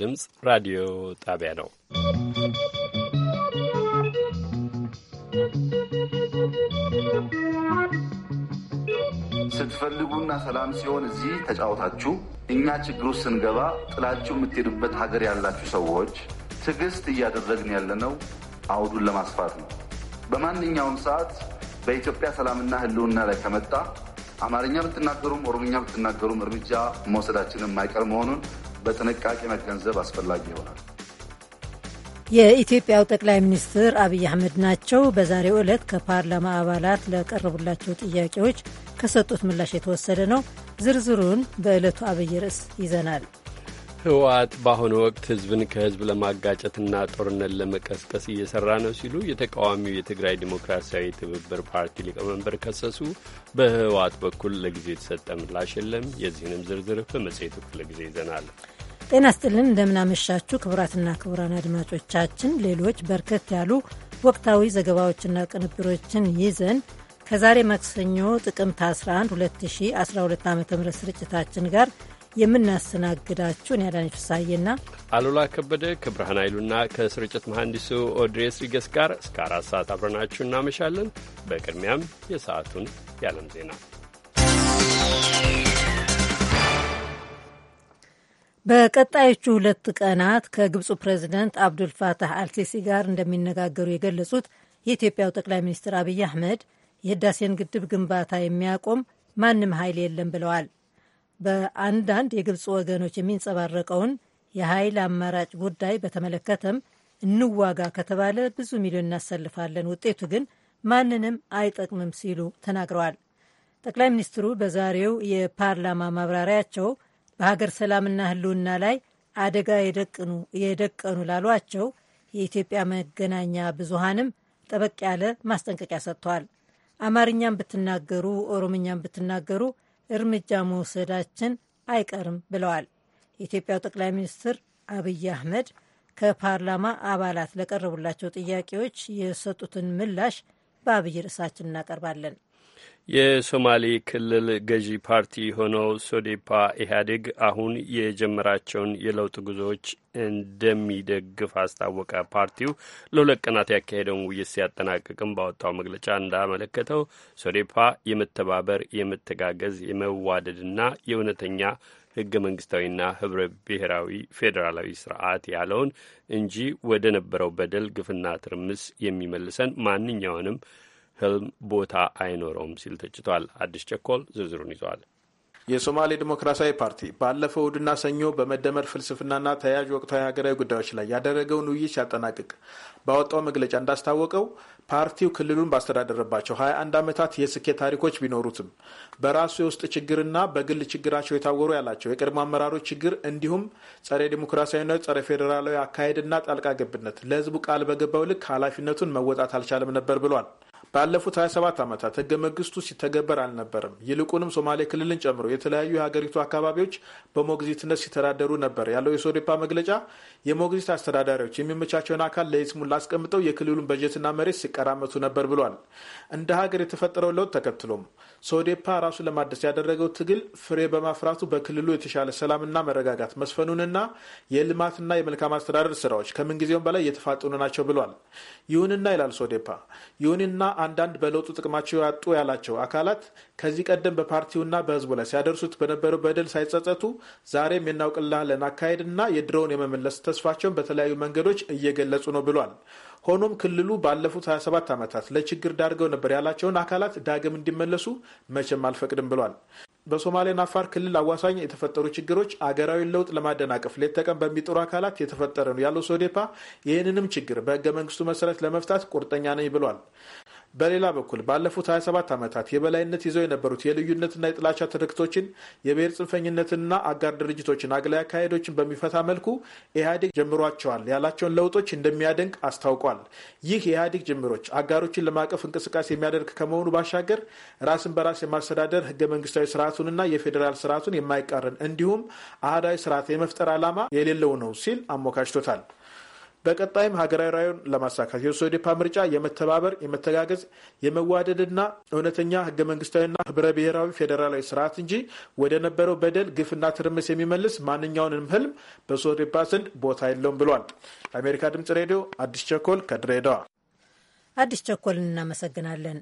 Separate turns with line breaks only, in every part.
ድምፅ ራዲዮ ጣቢያ ነው።
ስትፈልጉና ሰላም ሲሆን እዚህ ተጫወታችሁ፣ እኛ ችግሩ ስንገባ ጥላችሁ የምትሄዱበት ሀገር ያላችሁ ሰዎች ትዕግስት እያደረግን ያለነው አውዱን ለማስፋት ነው። በማንኛውም ሰዓት በኢትዮጵያ ሰላምና ሕልውና ላይ ከመጣ አማርኛ ብትናገሩም ኦሮምኛ ብትናገሩም እርምጃ መውሰዳችንን የማይቀር መሆኑን በጥንቃቄ መገንዘብ አስፈላጊ ይሆናል።
የኢትዮጵያው ጠቅላይ ሚኒስትር አብይ አህመድ ናቸው። በዛሬው ዕለት ከፓርላማ አባላት ለቀረቡላቸው ጥያቄዎች ከሰጡት ምላሽ የተወሰደ ነው። ዝርዝሩን በዕለቱ አብይ ርዕስ ይዘናል።
ህወሓት በአሁኑ ወቅት ህዝብን ከህዝብ ለማጋጨትና ጦርነት ለመቀስቀስ እየሰራ ነው ሲሉ የተቃዋሚው የትግራይ ዲሞክራሲያዊ ትብብር ፓርቲ ሊቀመንበር ከሰሱ። በህወሓት በኩል ለጊዜ የተሰጠ ምላሽ የለም። የዚህንም ዝርዝር በመጽሔቱ ክፍለ ጊዜ ይዘናል።
ጤና ስጥልን እንደምናመሻችሁ ክቡራትና ክቡራን አድማጮቻችን ሌሎች በርከት ያሉ ወቅታዊ ዘገባዎችና ቅንብሮችን ይዘን ከዛሬ ማክሰኞ ጥቅምት 11 2012 ዓ ም ስርጭታችን ጋር የምናስተናግዳችሁን ያዳነች ፍሳዬና
አሉላ ከበደ ከብርሃን ኃይሉና ከስርጭት መሐንዲሱ ኦድሬስ ሪገስ ጋር እስከ አራት ሰዓት አብረናችሁ እናመሻለን። በቅድሚያም የሰዓቱን የዓለም ዜና
በቀጣዮቹ ሁለት ቀናት ከግብፁ ፕሬዚደንት አብዱልፋታህ አልሲሲ ጋር እንደሚነጋገሩ የገለጹት የኢትዮጵያው ጠቅላይ ሚኒስትር አብይ አህመድ የህዳሴን ግድብ ግንባታ የሚያቆም ማንም ኃይል የለም ብለዋል። በአንዳንድ የግብፅ ወገኖች የሚንጸባረቀውን የኃይል አማራጭ ጉዳይ በተመለከተም እንዋጋ ከተባለ ብዙ ሚሊዮን እናሰልፋለን፣ ውጤቱ ግን ማንንም አይጠቅምም ሲሉ ተናግረዋል። ጠቅላይ ሚኒስትሩ በዛሬው የፓርላማ ማብራሪያቸው በሀገር ሰላምና ህልውና ላይ አደጋ የደቀኑ ላሏቸው የኢትዮጵያ መገናኛ ብዙሃንም ጠበቅ ያለ ማስጠንቀቂያ ሰጥተዋል። አማርኛም ብትናገሩ ኦሮምኛም ብትናገሩ እርምጃ መውሰዳችን አይቀርም ብለዋል። የኢትዮጵያው ጠቅላይ ሚኒስትር አብይ አህመድ ከፓርላማ አባላት ለቀረቡላቸው ጥያቄዎች የሰጡትን ምላሽ በአብይ ርዕሳችን እናቀርባለን።
የሶማሌ ክልል ገዢ ፓርቲ የሆነው ሶዴፓ ኢህአዴግ አሁን የጀመራቸውን የለውጥ ጉዞዎች እንደሚደግፍ አስታወቀ። ፓርቲው ለሁለት ቀናት ያካሄደውን ውይይት ሲያጠናቅቅም ባወጣው መግለጫ እንዳመለከተው ሶዴፓ የመተባበር፣ የመተጋገዝ፣ የመዋደድና የእውነተኛ ህገ መንግስታዊና ህብረ ብሔራዊ ፌዴራላዊ ስርዓት ያለውን እንጂ ወደ ነበረው በደል ግፍና ትርምስ የሚመልሰን ማንኛውንም ህልም ቦታ አይኖረውም ሲል ተችቷል። አዲስ ቸኮል ዝርዝሩን
ይዟል። የሶማሌ ዲሞክራሲያዊ ፓርቲ ባለፈው እሁድና ሰኞ በመደመር ፍልስፍናና ተያያዥ ወቅታዊ ሀገራዊ ጉዳዮች ላይ ያደረገውን ውይይት ሲያጠናቅቅ ባወጣው መግለጫ እንዳስታወቀው ፓርቲው ክልሉን ባስተዳደረባቸው 21 ዓመታት የስኬት ታሪኮች ቢኖሩትም በራሱ የውስጥ ችግርና በግል ችግራቸው የታወሩ ያላቸው የቅድሞ አመራሮች ችግር እንዲሁም ጸረ ዴሞክራሲያዊነት፣ ጸረ ፌዴራላዊ አካሄድና ጣልቃ ገብነት ለህዝቡ ቃል በገባው ልክ ኃላፊነቱን መወጣት አልቻለም ነበር ብሏል። ባለፉት 27 ዓመታት ህገ መንግስቱ ሲተገበር አልነበርም። ይልቁንም ሶማሌ ክልልን ጨምሮ የተለያዩ የሀገሪቱ አካባቢዎች በሞግዚትነት ሲተዳደሩ ነበር ያለው የሶዴፓ መግለጫ የሞግዚት አስተዳዳሪዎች የሚመቻቸውን አካል ለይስሙላ አስቀምጠው የክልሉን በጀትና መሬት ሲቀራመቱ ነበር ብሏል። እንደ ሀገር የተፈጠረው ለውጥ ተከትሎም ሶዴፓ ራሱ ለማደስ ያደረገው ትግል ፍሬ በማፍራቱ በክልሉ የተሻለ ሰላምና መረጋጋት መስፈኑንና የልማትና የመልካም አስተዳደር ስራዎች ከምንጊዜውም በላይ እየተፋጠኑ ናቸው ብሏል። ይሁንና ይላል ሶዴፓ፣ ይሁንና አንዳንድ በለውጡ ጥቅማቸው ያጡ ያላቸው አካላት ከዚህ ቀደም በፓርቲውና በህዝቡ ላይ ሲያደርሱት በነበረው በደል ሳይጸጸቱ ዛሬም የናውቅላለን አካሄድና የድሮውን የመመለስ ተስፋቸውን በተለያዩ መንገዶች እየገለጹ ነው ብሏል። ሆኖም ክልሉ ባለፉት 27 ዓመታት ለችግር ዳርገው ነበር ያላቸውን አካላት ዳግም እንዲመለሱ መቼም አልፈቅድም ብሏል። በሶማሌና አፋር ክልል አዋሳኝ የተፈጠሩ ችግሮች አገራዊ ለውጥ ለማደናቀፍ ሌት ተቀን በሚጥሩ አካላት የተፈጠረ ነው ያለው ሶዴፓ ይህንንም ችግር በህገ መንግስቱ መሰረት ለመፍታት ቁርጠኛ ነኝ ብሏል። በሌላ በኩል ባለፉት 27 ዓመታት የበላይነት ይዘው የነበሩት የልዩነትና የጥላቻ ትርክቶችን የብሔር ጽንፈኝነትና አጋር ድርጅቶችን አግላይ አካሄዶችን በሚፈታ መልኩ ኢህአዴግ ጀምሯቸዋል ያላቸውን ለውጦች እንደሚያደንቅ አስታውቋል። ይህ የኢህአዴግ ጅምሮች አጋሮችን ለማቀፍ እንቅስቃሴ የሚያደርግ ከመሆኑ ባሻገር ራስን በራስ የማስተዳደር ህገ መንግስታዊ ስርዓቱንና የፌዴራል ስርዓቱን የማይቃረን እንዲሁም አህዳዊ ስርዓት የመፍጠር ዓላማ የሌለው ነው ሲል አሞካሽቶታል። በቀጣይም ሀገራዊ ራዕዩን ለማሳካት የሶዴፓ ምርጫ የመተባበር፣ የመተጋገዝ፣ የመዋደድና እውነተኛ ህገ መንግስታዊና ህብረ ብሔራዊ ፌዴራላዊ ስርዓት እንጂ ወደ ነበረው በደል፣ ግፍና ትርምስ የሚመልስ ማንኛውንም ህልም በሶዴፓ ዘንድ ቦታ የለውም ብሏል። የአሜሪካ ድምጽ ሬዲዮ አዲስ ቸኮል ከድሬዳዋ።
አዲስ ቸኮል እናመሰግናለን።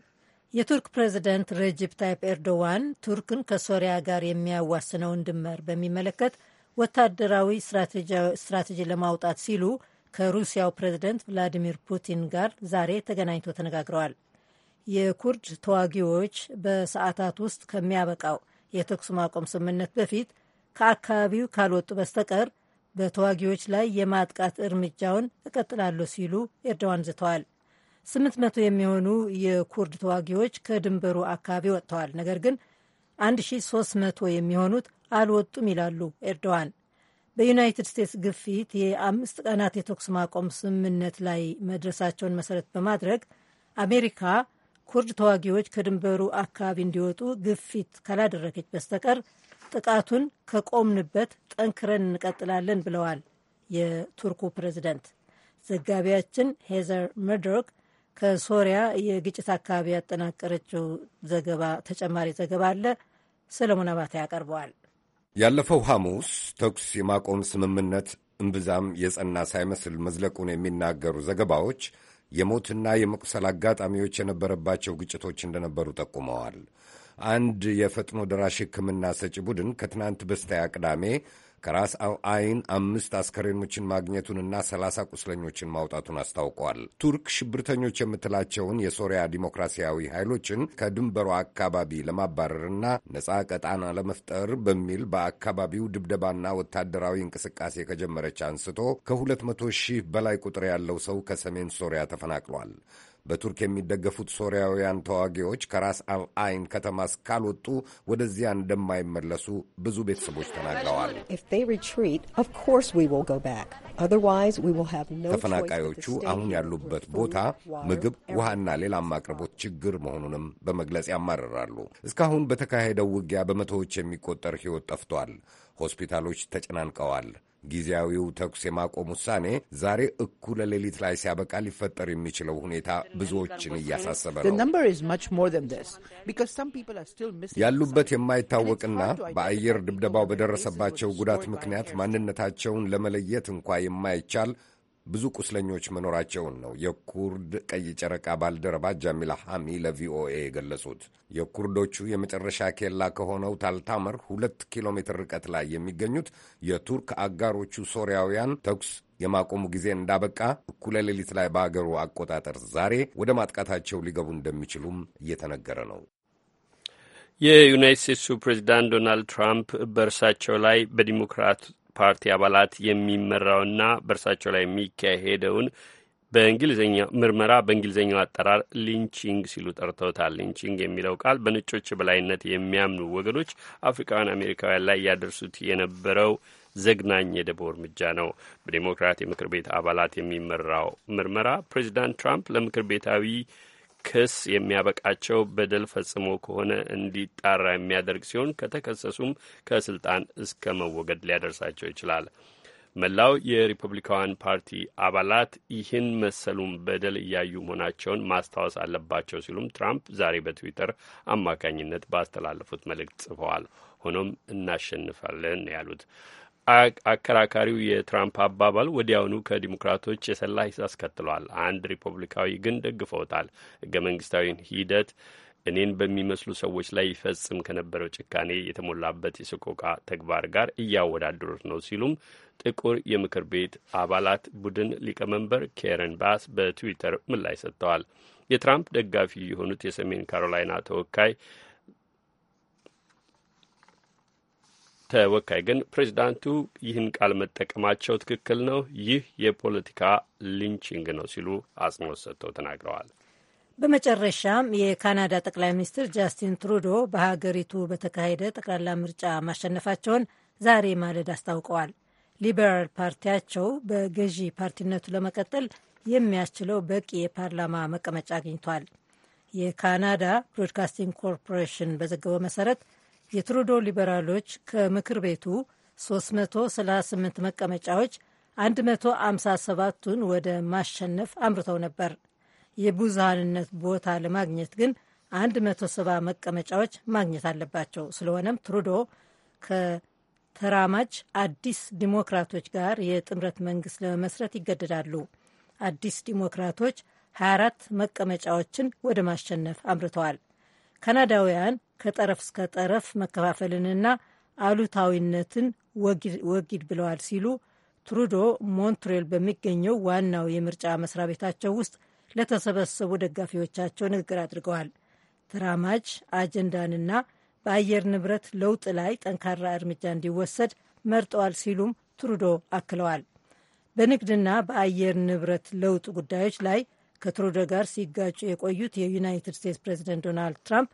የቱርክ ፕሬዚደንት ረጅብ ታይፕ ኤርዶዋን ቱርክን ከሶሪያ ጋር የሚያዋስነውን ድንበር በሚመለከት ወታደራዊ ስትራቴጂ ለማውጣት ሲሉ ከሩሲያው ፕሬዝደንት ቭላዲሚር ፑቲን ጋር ዛሬ ተገናኝቶ ተነጋግረዋል። የኩርድ ተዋጊዎች በሰዓታት ውስጥ ከሚያበቃው የተኩስ ማቆም ስምምነት በፊት ከአካባቢው ካልወጡ በስተቀር በተዋጊዎች ላይ የማጥቃት እርምጃውን እቀጥላለሁ ሲሉ ኤርዶዋን ዝተዋል። ስምንት መቶ የሚሆኑ የኩርድ ተዋጊዎች ከድንበሩ አካባቢ ወጥተዋል፣ ነገር ግን መቶ የሚሆኑት አልወጡም ይላሉ ኤርዶዋን። በዩናይትድ ስቴትስ ግፊት የአምስት ቀናት የተኩስ ማቆም ስምምነት ላይ መድረሳቸውን መሰረት በማድረግ አሜሪካ ኩርድ ተዋጊዎች ከድንበሩ አካባቢ እንዲወጡ ግፊት ካላደረገች በስተቀር ጥቃቱን ከቆምንበት ጠንክረን እንቀጥላለን ብለዋል የቱርኩ ፕሬዚደንት። ዘጋቢያችን ሄዘር መድሮክ ከሶሪያ የግጭት አካባቢ ያጠናቀረችው ዘገባ ተጨማሪ ዘገባ አለ። ሰለሞን አባተ ያቀርበዋል።
ያለፈው ሐሙስ ተኩስ የማቆም ስምምነት እምብዛም የጸና ሳይመስል መዝለቁን የሚናገሩ ዘገባዎች የሞትና የመቁሰል አጋጣሚዎች የነበረባቸው ግጭቶች እንደነበሩ ጠቁመዋል። አንድ የፈጥኖ ደራሽ ሕክምና ሰጪ ቡድን ከትናንት በስቲያ ቅዳሜ ከራስ አል አይን አምስት አስከሬኖችን ማግኘቱንና ሰላሳ ቁስለኞችን ማውጣቱን አስታውቋል። ቱርክ ሽብርተኞች የምትላቸውን የሶሪያ ዲሞክራሲያዊ ኃይሎችን ከድንበሩ አካባቢ ለማባረርና ነፃ ቀጣና ለመፍጠር በሚል በአካባቢው ድብደባና ወታደራዊ እንቅስቃሴ ከጀመረች አንስቶ ከሁለት መቶ ሺህ በላይ ቁጥር ያለው ሰው ከሰሜን ሶሪያ ተፈናቅሏል። በቱርክ የሚደገፉት ሶሪያውያን ተዋጊዎች ከራስ አል አይን ከተማ እስካልወጡ ወደዚያ እንደማይመለሱ ብዙ ቤተሰቦች ተናግረዋል።
ተፈናቃዮቹ አሁን
ያሉበት ቦታ ምግብ፣ ውሃና ሌላም አቅርቦት ችግር መሆኑንም በመግለጽ ያማርራሉ። እስካሁን በተካሄደው ውጊያ በመቶዎች የሚቆጠር ሕይወት ጠፍቷል። ሆስፒታሎች ተጨናንቀዋል። ጊዜያዊው ተኩስ የማቆም ውሳኔ ዛሬ እኩለ ሌሊት ላይ ሲያበቃ ሊፈጠር የሚችለው ሁኔታ ብዙዎችን እያሳሰበ ነው። ያሉበት የማይታወቅና በአየር ድብደባው በደረሰባቸው ጉዳት ምክንያት ማንነታቸውን ለመለየት እንኳ የማይቻል ብዙ ቁስለኞች መኖራቸውን ነው የኩርድ ቀይ ጨረቃ ባልደረባ ጃሚላ ሐሚ ለቪኦኤ የገለጹት። የኩርዶቹ የመጨረሻ ኬላ ከሆነው ታልታመር ሁለት ኪሎ ሜትር ርቀት ላይ የሚገኙት የቱርክ አጋሮቹ ሶሪያውያን ተኩስ የማቆሙ ጊዜ እንዳበቃ እኩለ ሌሊት ላይ በአገሩ አቆጣጠር ዛሬ ወደ ማጥቃታቸው ሊገቡ እንደሚችሉም እየተነገረ ነው።
የዩናይት ስቴትሱ ፕሬዚዳንት ዶናልድ ትራምፕ በእርሳቸው ላይ በዲሞክራት ፓርቲ አባላት የሚመራውና በእርሳቸው ላይ የሚካሄደውን በእንግሊዝኛ ምርመራ በእንግሊዝኛው አጠራር ሊንቺንግ ሲሉ ጠርተውታል። ሊንቺንግ የሚለው ቃል በነጮች በላይነት የሚያምኑ ወገኖች አፍሪካውያን አሜሪካውያን ላይ ያደርሱት የነበረው ዘግናኝ የደቦ እርምጃ ነው። በዴሞክራት የምክር ቤት አባላት የሚመራው ምርመራ ፕሬዚዳንት ትራምፕ ለምክር ቤታዊ ክስ የሚያበቃቸው በደል ፈጽሞ ከሆነ እንዲጣራ የሚያደርግ ሲሆን ከተከሰሱም ከስልጣን እስከ መወገድ ሊያደርሳቸው ይችላል። መላው የሪፐብሊካውያን ፓርቲ አባላት ይህን መሰሉም በደል እያዩ መሆናቸውን ማስታወስ አለባቸው ሲሉም ትራምፕ ዛሬ በትዊተር አማካኝነት ባስተላለፉት መልእክት ጽፈዋል። ሆኖም እናሸንፋለን ያሉት አከራካሪው የትራምፕ አባባል ወዲያውኑ ከዲሞክራቶች የሰላ ሂስ አስከትሏል። አንድ ሪፐብሊካዊ ግን ደግፈውታል። ህገ መንግስታዊን ሂደት እኔን በሚመስሉ ሰዎች ላይ ይፈጽም ከነበረው ጭካኔ የተሞላበት የሰቆቃ ተግባር ጋር እያወዳደሩት ነው ሲሉም ጥቁር የምክር ቤት አባላት ቡድን ሊቀመንበር ኬረን ባስ በትዊተር ምላሽ ሰጥተዋል። የትራምፕ ደጋፊ የሆኑት የሰሜን ካሮላይና ተወካይ ተወካይ ግን ፕሬዚዳንቱ ይህን ቃል መጠቀማቸው ትክክል ነው፣ ይህ የፖለቲካ ሊንቺንግ ነው ሲሉ አጽንኦት ሰጥተው ተናግረዋል።
በመጨረሻም የካናዳ ጠቅላይ ሚኒስትር ጃስቲን ትሩዶ በሀገሪቱ በተካሄደ ጠቅላላ ምርጫ ማሸነፋቸውን ዛሬ ማለድ አስታውቀዋል። ሊበራል ፓርቲያቸው በገዢ ፓርቲነቱ ለመቀጠል የሚያስችለው በቂ የፓርላማ መቀመጫ አግኝቷል። የካናዳ ብሮድካስቲንግ ኮርፖሬሽን በዘገበው መሰረት የትሩዶ ሊበራሎች ከምክር ቤቱ 338 መቀመጫዎች 157ቱን ወደ ማሸነፍ አምርተው ነበር። የብዙሃንነት ቦታ ለማግኘት ግን 170 መቀመጫዎች ማግኘት አለባቸው። ስለሆነም ትሩዶ ከተራማጅ አዲስ ዲሞክራቶች ጋር የጥምረት መንግስት ለመመስረት ይገደዳሉ። አዲስ ዲሞክራቶች 24 መቀመጫዎችን ወደ ማሸነፍ አምርተዋል። ካናዳውያን ከጠረፍ እስከ ጠረፍ መከፋፈልንና አሉታዊነትን ወጊድ ብለዋል ሲሉ ትሩዶ ሞንትሬል በሚገኘው ዋናው የምርጫ መስሪያ ቤታቸው ውስጥ ለተሰበሰቡ ደጋፊዎቻቸው ንግግር አድርገዋል። ተራማጅ አጀንዳንና በአየር ንብረት ለውጥ ላይ ጠንካራ እርምጃ እንዲወሰድ መርጠዋል ሲሉም ትሩዶ አክለዋል። በንግድና በአየር ንብረት ለውጥ ጉዳዮች ላይ ከትሩዶ ጋር ሲጋጩ የቆዩት የዩናይትድ ስቴትስ ፕሬዚደንት ዶናልድ ትራምፕ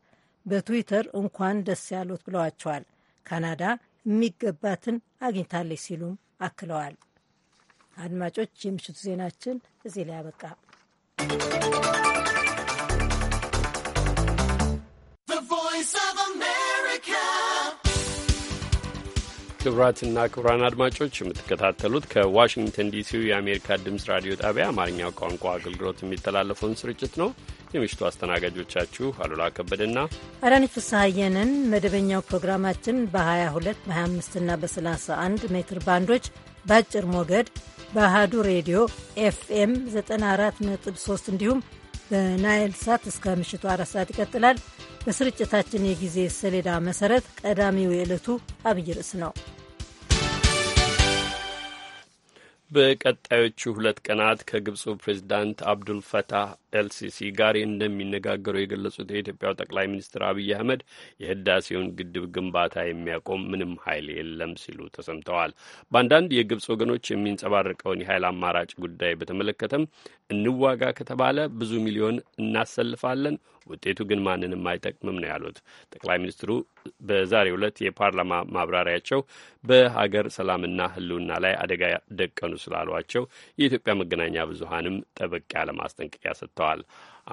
በትዊተር እንኳን ደስ ያሉት ብለዋቸዋል። ካናዳ የሚገባትን አግኝታለች ሲሉም አክለዋል። አድማጮች፣ የምሽቱ ዜናችን እዚህ ላይ አበቃ።
ክቡራትና ክቡራን አድማጮች የምትከታተሉት ከዋሽንግተን ዲሲው የአሜሪካ ድምፅ ራዲዮ ጣቢያ አማርኛው ቋንቋ አገልግሎት የሚተላለፈውን ስርጭት ነው። የምሽቱ አስተናጋጆቻችሁ አሉላ ከበደና
አዳነች ፍስሐየንን። መደበኛው ፕሮግራማችን በ22 በ25ና በ31 ሜትር ባንዶች በአጭር ሞገድ በአህዱ ሬዲዮ ኤፍኤም 94.3 እንዲሁም በናይል ሳት እስከ ምሽቱ አራት ሰዓት ይቀጥላል። በስርጭታችን የጊዜ ሰሌዳ መሰረት ቀዳሚው የዕለቱ አብይ ርዕስ ነው።
በቀጣዮቹ ሁለት ቀናት ከግብፁ ፕሬዚዳንት አብዱል ፈታህ ኤልሲሲ ጋር እንደሚነጋገሩ የገለጹት የኢትዮጵያው ጠቅላይ ሚኒስትር አብይ አህመድ የህዳሴውን ግድብ ግንባታ የሚያቆም ምንም ኃይል የለም ሲሉ ተሰምተዋል። በአንዳንድ የግብፅ ወገኖች የሚንጸባረቀውን የኃይል አማራጭ ጉዳይ በተመለከተም እንዋጋ ከተባለ ብዙ ሚሊዮን እናሰልፋለን፣ ውጤቱ ግን ማንንም አይጠቅምም ነው ያሉት ጠቅላይ ሚኒስትሩ በዛሬው ዕለት የፓርላማ ማብራሪያቸው በሀገር ሰላምና ህልውና ላይ አደጋ ደቀኑ ስላሏቸው የኢትዮጵያ መገናኛ ብዙሀንም ጠበቅ ያለ ማስጠንቀቂያ ሰጥተዋል። ተሰጥተዋል።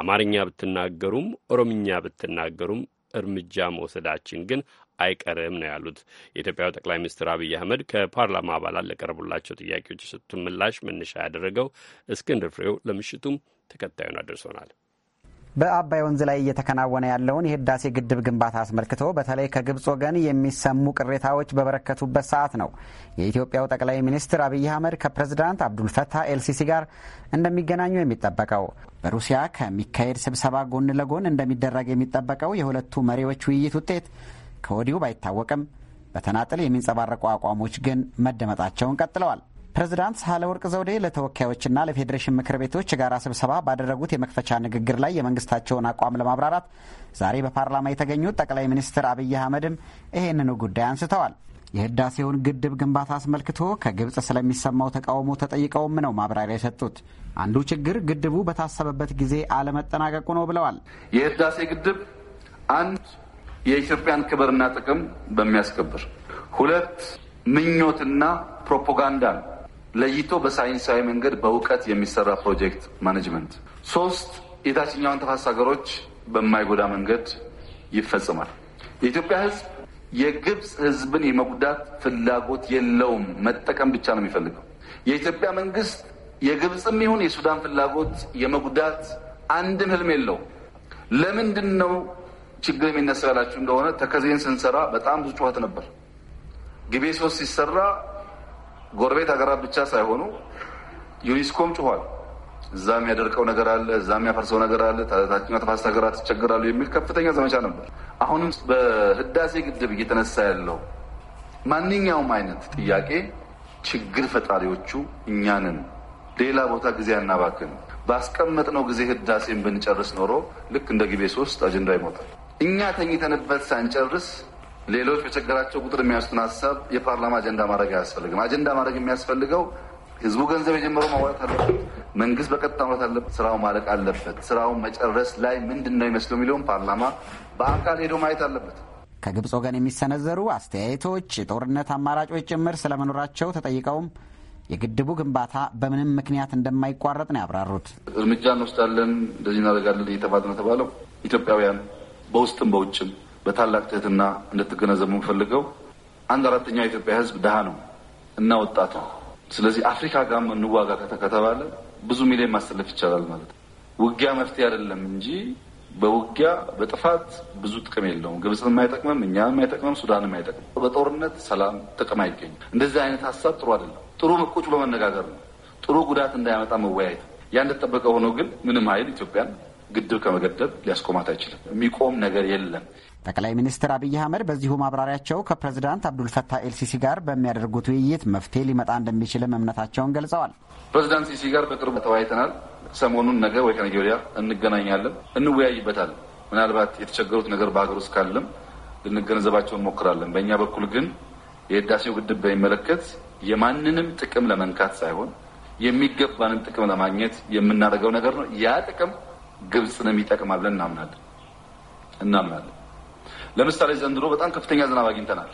አማርኛ ብትናገሩም ኦሮምኛ ብትናገሩም እርምጃ መውሰዳችን ግን አይቀርም ነው ያሉት። የኢትዮጵያው ጠቅላይ ሚኒስትር አብይ አህመድ ከፓርላማ አባላት ለቀረቡላቸው ጥያቄዎች የሰጡትን ምላሽ መነሻ ያደረገው እስክንድር ፍሬው ለምሽቱም ተከታዩን አድርሶናል።
በአባይ ወንዝ ላይ እየተከናወነ ያለውን የህዳሴ ግድብ ግንባታ አስመልክቶ በተለይ ከግብፅ ወገን የሚሰሙ ቅሬታዎች በበረከቱበት ሰዓት ነው የኢትዮጵያው ጠቅላይ ሚኒስትር አብይ አህመድ ከፕሬዝዳንት አብዱልፈታህ ኤልሲሲ ጋር እንደሚገናኙ የሚጠበቀው። በሩሲያ ከሚካሄድ ስብሰባ ጎን ለጎን እንደሚደረግ የሚጠበቀው የሁለቱ መሪዎች ውይይት ውጤት ከወዲሁ ባይታወቅም በተናጥል የሚንጸባረቁ አቋሞች ግን መደመጣቸውን ቀጥለዋል። ፕሬዝዳንት ሳህለወርቅ ዘውዴ ለተወካዮችና ለፌዴሬሽን ምክር ቤቶች የጋራ ስብሰባ ባደረጉት የመክፈቻ ንግግር ላይ የመንግስታቸውን አቋም ለማብራራት ዛሬ በፓርላማ የተገኙት ጠቅላይ ሚኒስትር አብይ አህመድም ይህንኑ ጉዳይ አንስተዋል። የህዳሴውን ግድብ ግንባታ አስመልክቶ ከግብፅ ስለሚሰማው ተቃውሞ ተጠይቀውም ነው ማብራሪያ የሰጡት። አንዱ ችግር ግድቡ በታሰበበት ጊዜ አለመጠናቀቁ ነው ብለዋል።
የህዳሴ ግድብ አንድ የኢትዮጵያን ክብርና ጥቅም በሚያስከብር ሁለት ምኞትና ፕሮፓጋንዳ ነው። ለይቶ በሳይንሳዊ መንገድ በእውቀት የሚሰራ ፕሮጀክት ማኔጅመንት። ሶስት የታችኛውን ተፋሰስ ሀገሮች በማይጎዳ መንገድ ይፈጽማል። የኢትዮጵያ ህዝብ የግብፅ ህዝብን የመጉዳት ፍላጎት የለውም። መጠቀም ብቻ ነው የሚፈልገው። የኢትዮጵያ መንግስት የግብፅም ይሁን የሱዳን ፍላጎት የመጉዳት አንድም ህልም የለው። ለምንድን ነው ችግር የሚነሳላችሁ እንደሆነ ተከዜን ስንሰራ በጣም ብዙ ጩኸት ነበር። ግቤ ሶስት ሲሰራ ጎረቤት ሀገራት ብቻ ሳይሆኑ ዩኒስኮም ጭኋል። እዛ የሚያደርቀው ነገር አለ፣ እዛ የሚያፈርሰው ነገር አለ፣ ታችኛው ተፋሰስ ሀገራት ይቸግራሉ የሚል ከፍተኛ ዘመቻ ነበር። አሁንም በህዳሴ ግድብ እየተነሳ ያለው ማንኛውም አይነት ጥያቄ ችግር ፈጣሪዎቹ እኛንን ሌላ ቦታ ጊዜ አናባክን። ባስቀመጥነው ጊዜ ህዳሴን ብንጨርስ ኖሮ ልክ እንደ ጊቤ ሶስት አጀንዳ ይሞታል። እኛ ተኝተንበት ሳንጨርስ ሌሎች በቸገራቸው ቁጥር የሚያስቱን ሀሳብ የፓርላማ አጀንዳ ማድረግ አያስፈልግም። አጀንዳ ማድረግ የሚያስፈልገው ህዝቡ ገንዘብ የጀመረው ማዋለት አለበት። መንግስት በቀጥታ ማውራት አለበት። ስራው ማለቅ አለበት። ስራውን መጨረስ ላይ ምንድን ነው ይመስለው የሚለውን ፓርላማ በአካል ሄዶ ማየት አለበት።
ከግብፅ ወገን የሚሰነዘሩ አስተያየቶች የጦርነት አማራጮች ጭምር ስለመኖራቸው ተጠይቀውም የግድቡ ግንባታ በምንም ምክንያት እንደማይቋረጥ ነው ያብራሩት።
እርምጃ እንወስዳለን፣ እንደዚህ እናደርጋለን እየተባለ ነው የተባለው ኢትዮጵያውያን በውስጥም በውጭም በታላቅ ትህትና እንድትገነዘቡ የምፈልገው አንድ አራተኛው የኢትዮጵያ ህዝብ ድሃ ነው እና ወጣት ነው። ስለዚህ አፍሪካ ጋርም እንዋጋ ከተከተባለ ብዙ ሚሊዮን ማሰለፍ ይቻላል ማለት ነው። ውጊያ መፍትሄ አይደለም እንጂ በውጊያ በጥፋት ብዙ ጥቅም የለውም። ግብፅን የማይጠቅመም እኛ የማይጠቅመም ሱዳንም የማይጠቅመም በጦርነት ሰላም ጥቅም አይገኝም። እንደዚህ አይነት ሀሳብ ጥሩ አይደለም። ጥሩ መቆጭ በመነጋገር ነው። ጥሩ ጉዳት እንዳያመጣ መወያየት ያ እንደተጠበቀ ሆኖ ግን ምንም ሀይል ኢትዮጵያን ግድብ ከመገደብ ሊያስቆማት አይችልም። የሚቆም ነገር የለም።
ጠቅላይ ሚኒስትር አብይ አህመድ በዚሁ ማብራሪያቸው ከፕሬዚዳንት አብዱልፈታህ ኤልሲሲ ጋር በሚያደርጉት ውይይት መፍትሄ ሊመጣ እንደሚችልም እምነታቸውን ገልጸዋል።
ፕሬዚዳንት ሲሲ ጋር በቅርቡ ተወያይተናል። ሰሞኑን ነገ ወይ ከነገ ወዲያ እንገናኛለን፣ እንወያይበታል። ምናልባት የተቸገሩት ነገር በሀገር ውስጥ ካለም ልንገነዘባቸው እንሞክራለን። በእኛ በኩል ግን የህዳሴው ግድብ በሚመለከት የማንንም ጥቅም ለመንካት ሳይሆን የሚገባንን ጥቅም ለማግኘት የምናደርገው ነገር ነው። ያ ጥቅም ግብፅንም ይጠቅማል ብለን እናምናለን እናምናለን። ለምሳሌ ዘንድሮ በጣም ከፍተኛ ዝናብ አግኝተናል።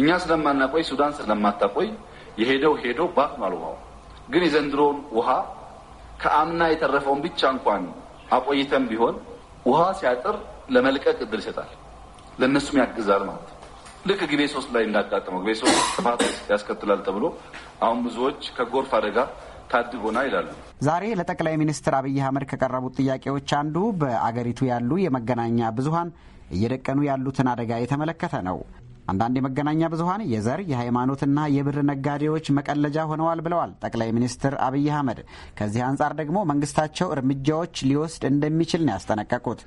እኛ ስለማናቆይ ሱዳን ስለማታቆይ የሄደው ሄዶ ባፍ ማሉ ግን የዘንድሮን ውሃ ከአምና የተረፈውን ብቻ እንኳን አቆይተን ቢሆን ውሃ ሲያጥር ለመልቀቅ እድል ይሰጣል፣ ለእነሱም ያግዛል ማለት ነው። ልክ ግቤ ሶስት ላይ እንዳጋጠመው ግቤ ሶስት ጥፋት ያስከትላል ተብሎ አሁን ብዙዎች ከጎርፍ አደጋ ታድጎና ይላሉ።
ዛሬ ለጠቅላይ ሚኒስትር አብይ አህመድ ከቀረቡት ጥያቄዎች አንዱ በአገሪቱ ያሉ የመገናኛ ብዙሀን እየደቀኑ ያሉትን አደጋ የተመለከተ ነው። አንዳንድ የመገናኛ ብዙሀን የዘር የሃይማኖትና የብር ነጋዴዎች መቀለጃ ሆነዋል ብለዋል ጠቅላይ ሚኒስትር አብይ አህመድ። ከዚህ አንጻር ደግሞ መንግስታቸው እርምጃዎች ሊወስድ እንደሚችል ነው ያስጠነቀቁት።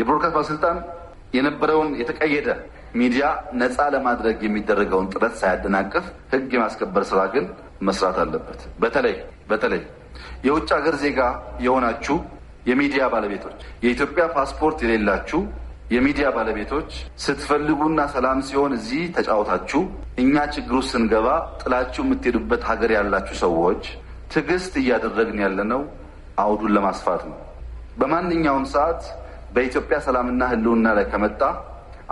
የብሮድካስት ባለስልጣን የነበረውን የተቀየደ ሚዲያ ነፃ ለማድረግ የሚደረገውን ጥረት ሳያደናቅፍ ህግ የማስከበር ስራ ግን መስራት አለበት። በተለይ በተለይ የውጭ ሀገር ዜጋ የሆናችሁ የሚዲያ ባለቤቶች የኢትዮጵያ ፓስፖርት የሌላችሁ የሚዲያ ባለቤቶች ስትፈልጉና ሰላም ሲሆን እዚህ ተጫውታችሁ እኛ ችግሩ ስንገባ ጥላችሁ የምትሄዱበት ሀገር ያላችሁ ሰዎች ትዕግስት እያደረግን ያለነው አውዱን ለማስፋት ነው። በማንኛውም ሰዓት በኢትዮጵያ ሰላምና ሕልውና ላይ ከመጣ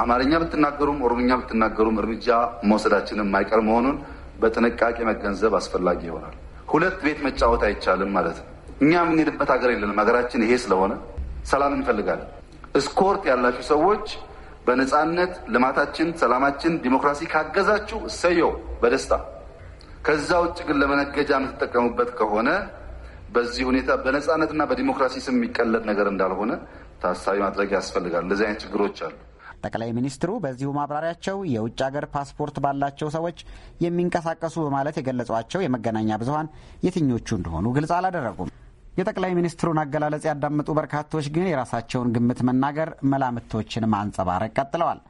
አማርኛ ብትናገሩም ኦሮምኛ ብትናገሩም እርምጃ መውሰዳችንን የማይቀር መሆኑን በጥንቃቄ መገንዘብ አስፈላጊ ይሆናል። ሁለት ቤት መጫወት አይቻልም ማለት ነው። እኛ የምንሄድበት ሀገር የለንም። ሀገራችን ይሄ ስለሆነ ሰላም እንፈልጋለን። እስኮርት ያላችሁ ሰዎች በነፃነት ልማታችን፣ ሰላማችን፣ ዲሞክራሲ ካገዛችሁ እሰየው በደስታ ከዛ ውጭ ግን ለመነገጃ የምትጠቀሙበት ከሆነ በዚህ ሁኔታ በነፃነትና በዲሞክራሲ ስም የሚቀለድ ነገር እንዳልሆነ ታሳቢ ማድረግ ያስፈልጋል። እንደዚህ አይነት ችግሮች አሉ።
ጠቅላይ ሚኒስትሩ በዚሁ ማብራሪያቸው የውጭ ሀገር ፓስፖርት ባላቸው ሰዎች የሚንቀሳቀሱ በማለት የገለጿቸው የመገናኛ ብዙሀን የትኞቹ እንደሆኑ ግልጽ አላደረጉም። የጠቅላይ ሚኒስትሩን አገላለጽ ያዳመጡ በርካቶች ግን የራሳቸውን ግምት መናገር፣ መላምቶችን ማንጸባረቅ ቀጥለዋል።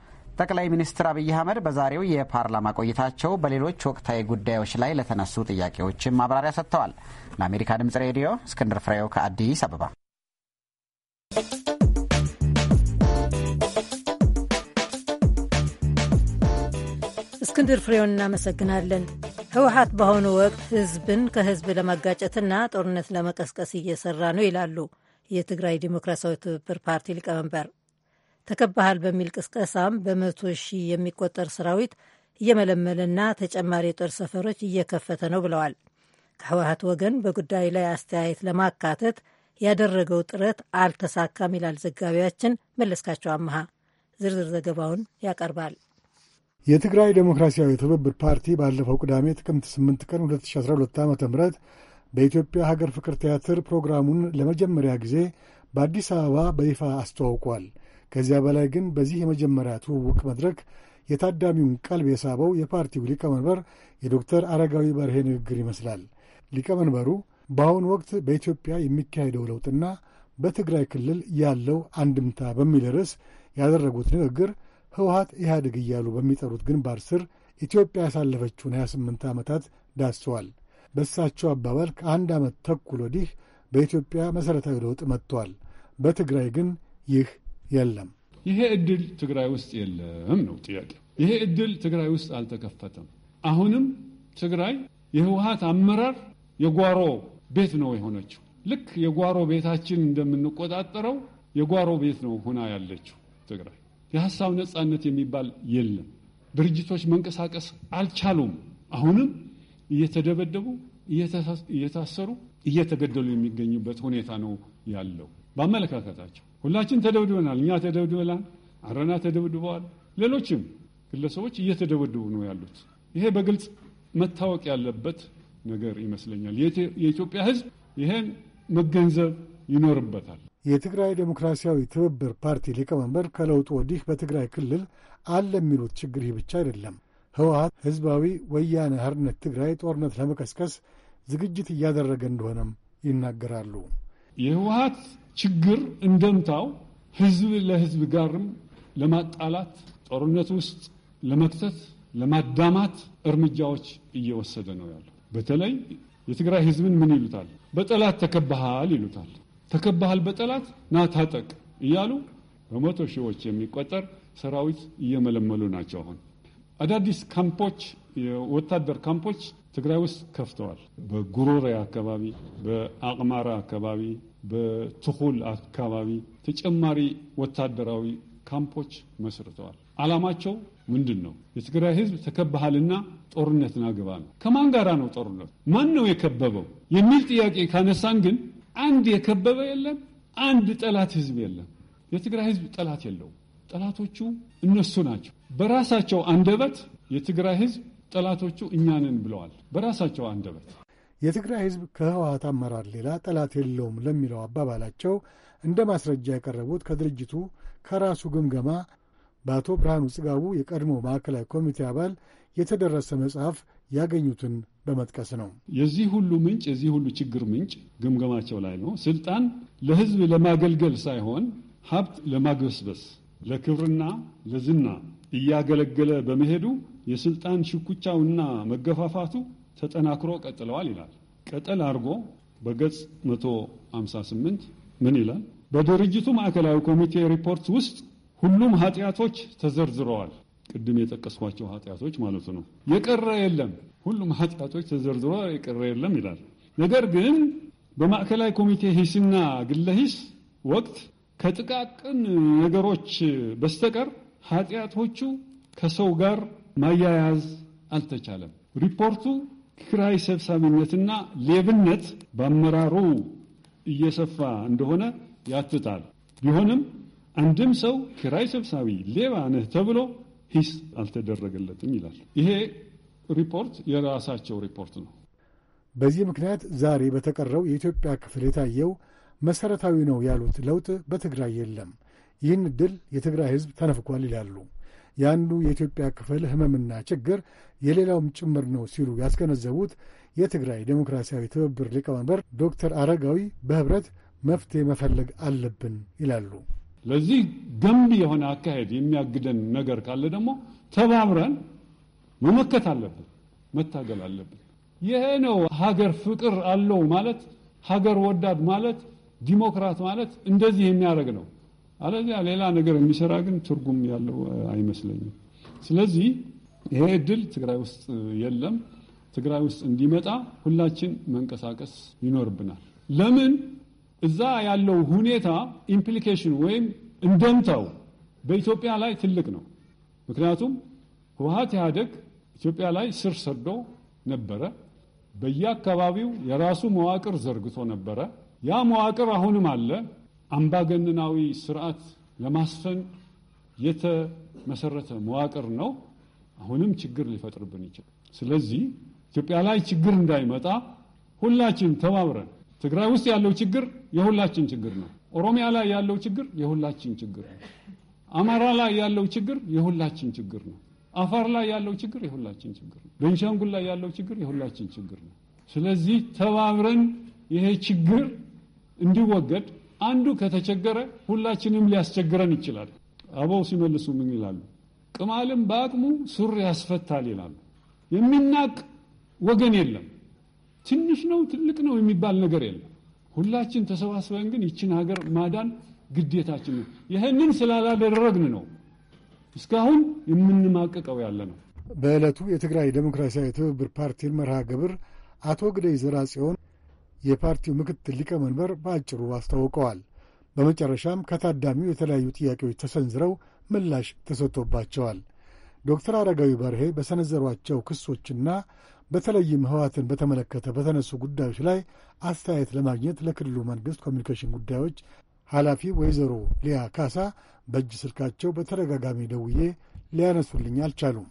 ጠቅላይ ሚኒስትር አብይ አህመድ በዛሬው የፓርላማ ቆይታቸው በሌሎች ወቅታዊ ጉዳዮች ላይ ለተነሱ ጥያቄዎችን ማብራሪያ ሰጥተዋል። ለአሜሪካ ድምጽ ሬዲዮ እስክንድር ፍሬው ከአዲስ አበባ
እስክንድር ፍሬውን እናመሰግናለን። ህወሓት በአሁኑ ወቅት ህዝብን ከህዝብ ለማጋጨትና ጦርነት ለመቀስቀስ እየሰራ ነው ይላሉ የትግራይ ዲሞክራሲያዊ ትብብር ፓርቲ ሊቀመንበር። ተከባሃል በሚል ቅስቀሳም በመቶ ሺህ የሚቆጠር ሰራዊት እየመለመለና ተጨማሪ የጦር ሰፈሮች እየከፈተ ነው ብለዋል። ከህወሀት ወገን በጉዳዩ ላይ አስተያየት ለማካተት ያደረገው ጥረት አልተሳካም ይላል ዘጋቢያችን መለስካቸው አመሃ። ዝርዝር ዘገባውን ያቀርባል።
የትግራይ ዴሞክራሲያዊ ትብብር ፓርቲ ባለፈው ቅዳሜ ጥቅምት 8 ቀን 2012 ዓ ም በኢትዮጵያ ሀገር ፍቅር ቲያትር ፕሮግራሙን ለመጀመሪያ ጊዜ በአዲስ አበባ በይፋ አስተዋውቋል። ከዚያ በላይ ግን በዚህ የመጀመሪያ ትውውቅ መድረክ የታዳሚውን ቀልብ የሳበው የፓርቲው ሊቀመንበር የዶክተር አረጋዊ በርሄ ንግግር ይመስላል። ሊቀመንበሩ በአሁኑ ወቅት በኢትዮጵያ የሚካሄደው ለውጥና በትግራይ ክልል ያለው አንድምታ በሚል ርዕስ ያደረጉት ንግግር ህወሀት ኢህአዴግ እያሉ በሚጠሩት ግንባር ስር ኢትዮጵያ ያሳለፈችውን 28 ዓመታት ዳስሰዋል። በእሳቸው አባባል ከአንድ ዓመት ተኩል ወዲህ በኢትዮጵያ መሠረታዊ ለውጥ መጥቷል። በትግራይ ግን ይህ የለም።
ይሄ እድል ትግራይ ውስጥ የለም ነው ጥያቄ። ይሄ እድል ትግራይ ውስጥ አልተከፈተም። አሁንም ትግራይ የህወሀት አመራር የጓሮ ቤት ነው የሆነችው። ልክ የጓሮ ቤታችን እንደምንቆጣጠረው የጓሮ ቤት ነው ሆና ያለችው ትግራይ የሀሳብ ነጻነት የሚባል የለም። ድርጅቶች መንቀሳቀስ አልቻሉም። አሁንም እየተደበደቡ፣ እየታሰሩ፣ እየተገደሉ የሚገኙበት ሁኔታ ነው ያለው። በአመለካከታቸው ሁላችን ተደብድበናል። እኛ ተደብድበናል፣ አረና ተደብድበዋል፣ ሌሎችም ግለሰቦች እየተደበደቡ ነው ያሉት። ይሄ በግልጽ መታወቅ ያለበት ነገር ይመስለኛል። የኢትዮጵያ ሕዝብ ይሄን
መገንዘብ ይኖርበታል። የትግራይ ዴሞክራሲያዊ ትብብር ፓርቲ ሊቀመንበር ከለውጡ ወዲህ በትግራይ ክልል አለ የሚሉት ችግር ይህ ብቻ አይደለም። ህወሀት ህዝባዊ ወያነ ሀርነት ትግራይ ጦርነት ለመቀስቀስ ዝግጅት እያደረገ እንደሆነም ይናገራሉ። የህወሀት ችግር እንደምታው
ህዝብ ለህዝብ ጋርም ለማጣላት ጦርነት ውስጥ ለመክተት ለማዳማት እርምጃዎች እየወሰደ ነው ያለው። በተለይ የትግራይ ህዝብን ምን ይሉታል? በጠላት ተከባሃል ይሉታል። ተከባሃል በጠላት ና ታጠቅ እያሉ በመቶ ሺዎች የሚቆጠር ሰራዊት እየመለመሉ ናቸው። አሁን አዳዲስ ካምፖች፣ የወታደር ካምፖች ትግራይ ውስጥ ከፍተዋል። በጉሮሬ አካባቢ፣ በአቅማራ አካባቢ፣ በትሁል አካባቢ ተጨማሪ ወታደራዊ ካምፖች መስርተዋል። ዓላማቸው ምንድን ነው? የትግራይ ህዝብ ተከባሃልና ጦርነትና ግባ ነው። ከማን ጋራ ነው ጦርነት? ማን ነው የከበበው? የሚል ጥያቄ ካነሳን ግን አንድ የከበበ የለም፣ አንድ ጠላት ህዝብ የለም። የትግራይ ህዝብ ጠላት የለውም። ጠላቶቹ እነሱ ናቸው። በራሳቸው አንደበት የትግራይ ህዝብ ጠላቶቹ እኛንን ብለዋል። በራሳቸው አንደበት
የትግራይ ህዝብ ከህወሀት አመራር ሌላ ጠላት የለውም ለሚለው አባባላቸው እንደ ማስረጃ ያቀረቡት ከድርጅቱ ከራሱ ግምገማ በአቶ ብርሃኑ ጽጋቡ የቀድሞ ማዕከላዊ ኮሚቴ አባል የተደረሰ መጽሐፍ ያገኙትን በመጥቀስ ነው።
የዚህ ሁሉ ምንጭ የዚህ ሁሉ ችግር ምንጭ ግምገማቸው ላይ ነው። ስልጣን ለህዝብ ለማገልገል ሳይሆን ሀብት ለማግበስበስ ለክብርና ለዝና እያገለገለ በመሄዱ የስልጣን ሽኩቻውና መገፋፋቱ ተጠናክሮ ቀጥለዋል ይላል። ቀጠል አድርጎ በገጽ 158 ምን ይላል? በድርጅቱ ማዕከላዊ ኮሚቴ ሪፖርት ውስጥ ሁሉም ኃጢአቶች ተዘርዝረዋል። ቅድም የጠቀስኳቸው ኃጢአቶች ማለት ነው። የቀረ የለም ሁሉም ኃጢአቶች ተዘርዝሮ የቀረ የለም ይላል። ነገር ግን በማዕከላዊ ኮሚቴ ሂስና ግለ ሂስ ወቅት ከጥቃቅን ነገሮች በስተቀር ኃጢአቶቹ ከሰው ጋር ማያያዝ አልተቻለም። ሪፖርቱ ክራይ ሰብሳቢነትና ሌብነት በአመራሩ እየሰፋ እንደሆነ ያትታል። ቢሆንም አንድም ሰው ክራይ ሰብሳቢ ሌባ ነህ ተብሎ ሂስ አልተደረገለትም ይላል። ይሄ ሪፖርት የራሳቸው ሪፖርት ነው።
በዚህ ምክንያት ዛሬ በተቀረው የኢትዮጵያ ክፍል የታየው መሠረታዊ ነው ያሉት ለውጥ በትግራይ የለም። ይህን እድል የትግራይ ሕዝብ ተነፍጓል ይላሉ። የአንዱ የኢትዮጵያ ክፍል ህመምና ችግር የሌላውም ጭምር ነው ሲሉ ያስገነዘቡት የትግራይ ዴሞክራሲያዊ ትብብር ሊቀመንበር ዶክተር አረጋዊ በህብረት መፍትሄ መፈለግ አለብን ይላሉ።
ለዚህ ገንቢ የሆነ አካሄድ የሚያግደን ነገር ካለ ደግሞ ተባብረን መመከት አለብን፣ መታገል አለብን። ይሄ ነው ሀገር ፍቅር አለው ማለት፣ ሀገር ወዳድ ማለት፣ ዲሞክራት ማለት እንደዚህ የሚያደርግ ነው። አለዚያ ሌላ ነገር የሚሰራ ግን ትርጉም ያለው አይመስለኝም። ስለዚህ ይሄ እድል ትግራይ ውስጥ የለም። ትግራይ ውስጥ እንዲመጣ ሁላችን መንቀሳቀስ ይኖርብናል። ለምን እዛ ያለው ሁኔታ ኢምፕሊኬሽን ወይም እንደምታው በኢትዮጵያ ላይ ትልቅ ነው። ምክንያቱም ህወሀት ኢህአደግ ኢትዮጵያ ላይ ስር ሰዶ ነበረ። በየአካባቢው የራሱ መዋቅር ዘርግቶ ነበረ። ያ መዋቅር አሁንም አለ። አምባገነናዊ ስርዓት ለማስፈን የተመሰረተ መዋቅር ነው። አሁንም ችግር ሊፈጥርብን ይችላል። ስለዚህ ኢትዮጵያ ላይ ችግር እንዳይመጣ ሁላችን ተባብረን ትግራይ ውስጥ ያለው ችግር የሁላችን ችግር ነው። ኦሮሚያ ላይ ያለው ችግር የሁላችን ችግር ነው። አማራ ላይ ያለው ችግር የሁላችን ችግር ነው። አፋር ላይ ያለው ችግር የሁላችን ችግር ነው። ቤንሻንጉል ላይ ያለው ችግር የሁላችን ችግር ነው። ስለዚህ ተባብረን ይሄ ችግር እንዲወገድ አንዱ ከተቸገረ ሁላችንም ሊያስቸግረን ይችላል። አበው ሲመልሱ ምን ይላሉ? ቅማልም በአቅሙ ሱሪ ያስፈታል ይላሉ። የሚናቅ ወገን የለም። ትንሽ ነው ትልቅ ነው የሚባል ነገር የለም። ሁላችን ተሰባስበን ግን ይችን ሀገር ማዳን ግዴታችን ነው። ይህንን ስላላደረግን ነው
እስካሁን የምንማቀቀው ያለ ነው። በዕለቱ የትግራይ ዴሞክራሲያዊ ትብብር ፓርቲን መርሃ ግብር አቶ ግደይ ዘርአጽዮን የፓርቲው ምክትል ሊቀመንበር በአጭሩ አስታውቀዋል። በመጨረሻም ከታዳሚው የተለያዩ ጥያቄዎች ተሰንዝረው ምላሽ ተሰጥቶባቸዋል። ዶክተር አረጋዊ በርሄ በሰነዘሯቸው ክሶችና በተለይም ህወሓትን በተመለከተ በተነሱ ጉዳዮች ላይ አስተያየት ለማግኘት ለክልሉ መንግሥት ኮሚኒኬሽን ጉዳዮች ኃላፊ ወይዘሮ ሊያ ካሳ በእጅ ስልካቸው በተደጋጋሚ ደውዬ ሊያነሱልኝ አልቻሉም።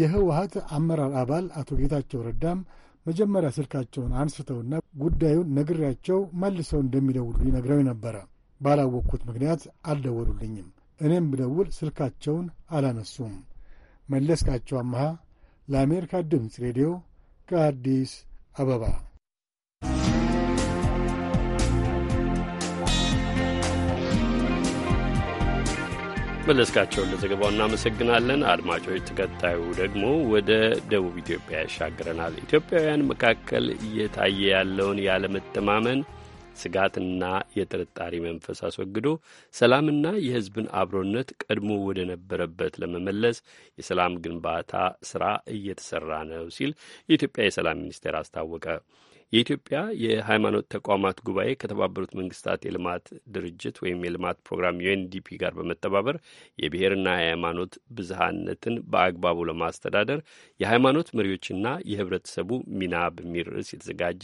የህወሓት አመራር አባል አቶ ጌታቸው ረዳም መጀመሪያ ስልካቸውን አንስተውና ጉዳዩን ነግሬያቸው መልሰው እንደሚደውሉ ይነግረው ነበረ። ባላወቅኩት ምክንያት አልደወሉልኝም። እኔም ብደውል ስልካቸውን አላነሱም። መለስካቸው አመሃ ለአሜሪካ ድምፅ ሬዲዮ ከአዲስ አበባ።
መለስካቸውን ለዘገባው እናመሰግናለን። አድማጮች፣ ተከታዩ ደግሞ ወደ ደቡብ ኢትዮጵያ ያሻግረናል። ኢትዮጵያውያን መካከል እየታየ ያለውን ያለመተማመን ስጋትና የጥርጣሬ መንፈስ አስወግዶ ሰላምና የሕዝብን አብሮነት ቀድሞ ወደ ነበረበት ለመመለስ የሰላም ግንባታ ስራ እየተሰራ ነው ሲል የኢትዮጵያ የሰላም ሚኒስቴር አስታወቀ። የኢትዮጵያ የሃይማኖት ተቋማት ጉባኤ ከተባበሩት መንግስታት የልማት ድርጅት ወይም የልማት ፕሮግራም ዩኤንዲፒ ጋር በመተባበር የብሔርና የሃይማኖት ብዝሃነትን በአግባቡ ለማስተዳደር የሃይማኖት መሪዎችና የህብረተሰቡ ሚና በሚል ርዕስ የተዘጋጀ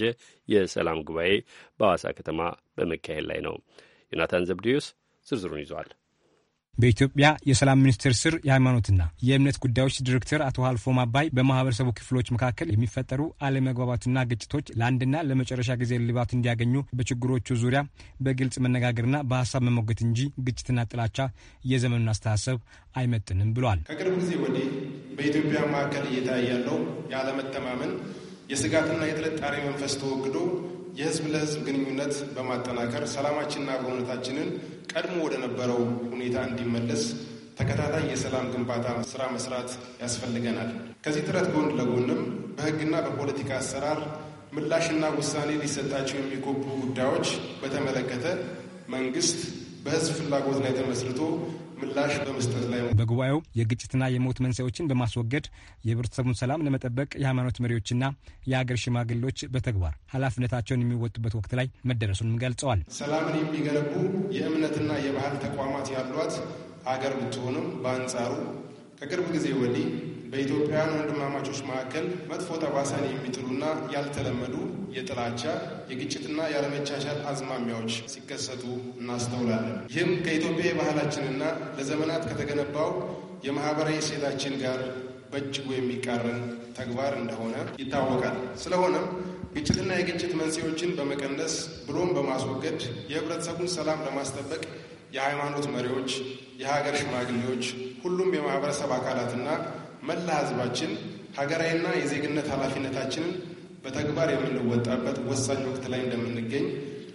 የሰላም ጉባኤ በአዋሳ ከተማ በመካሄድ ላይ ነው። ዮናታን ዘብዴዎስ ዝርዝሩን ይዟል።
በኢትዮጵያ የሰላም ሚኒስቴር ስር የሃይማኖትና የእምነት ጉዳዮች ዲሬክተር አቶ ሀልፎ ማባይ በማህበረሰቡ ክፍሎች መካከል የሚፈጠሩ አለመግባባትና ግጭቶች ለአንድና ለመጨረሻ ጊዜ ልባት እንዲያገኙ በችግሮቹ ዙሪያ በግልጽ መነጋገርና በሀሳብ መሞገት እንጂ ግጭትና ጥላቻ የዘመኑን አስተሳሰብ አይመጥንም ብሏል።
ከቅርብ ጊዜ ወዲህ በኢትዮጵያ መካከል እየታየ ያለው የአለመተማመን የስጋትና የጥርጣሬ መንፈስ ተወግዶ የህዝብ ለህዝብ ግንኙነት በማጠናከር ሰላማችንና አብሮነታችንን ቀድሞ ወደ ነበረው ሁኔታ እንዲመለስ ተከታታይ የሰላም ግንባታ ስራ መስራት ያስፈልገናል። ከዚህ ጥረት ጎን ለጎንም በህግና በፖለቲካ አሰራር ምላሽና ውሳኔ ሊሰጣቸው የሚጎቡ ጉዳዮች በተመለከተ መንግስት በህዝብ ፍላጎት
ላይ ተመስርቶ ምላሽ በመስጠት ላይ በጉባኤው የግጭትና የሞት መንስኤዎችን በማስወገድ የህብረተሰቡን ሰላም ለመጠበቅ የሃይማኖት መሪዎችና የአገር ሽማግሌዎች በተግባር ኃላፊነታቸውን የሚወጡበት ወቅት ላይ መደረሱንም ገልጸዋል።
ሰላምን የሚገነቡ የእምነትና የባህል ተቋማት ያሏት አገር ብትሆንም በአንጻሩ ከቅርብ ጊዜ ወዲህ በኢትዮጵያውያን ወንድማማቾች መካከል መጥፎ ጠባሳን የሚጥሉና ያልተለመዱ የጥላቻ የግጭትና ያለመቻቻል አዝማሚያዎች ሲከሰቱ እናስተውላለን። ይህም ከኢትዮጵያ የባህላችንና ለዘመናት ከተገነባው የማህበራዊ እሴታችን ጋር በእጅጉ የሚቃረን ተግባር እንደሆነ ይታወቃል። ስለሆነም ግጭትና የግጭት መንስኤዎችን በመቀነስ ብሎም በማስወገድ የህብረተሰቡን ሰላም ለማስጠበቅ የሃይማኖት መሪዎች፣ የሀገር ሽማግሌዎች፣ ሁሉም የማህበረሰብ አካላትና መላ ህዝባችን ሀገራዊና የዜግነት ኃላፊነታችንን በተግባር የምንወጣበት ወሳኝ ወቅት ላይ እንደምንገኝ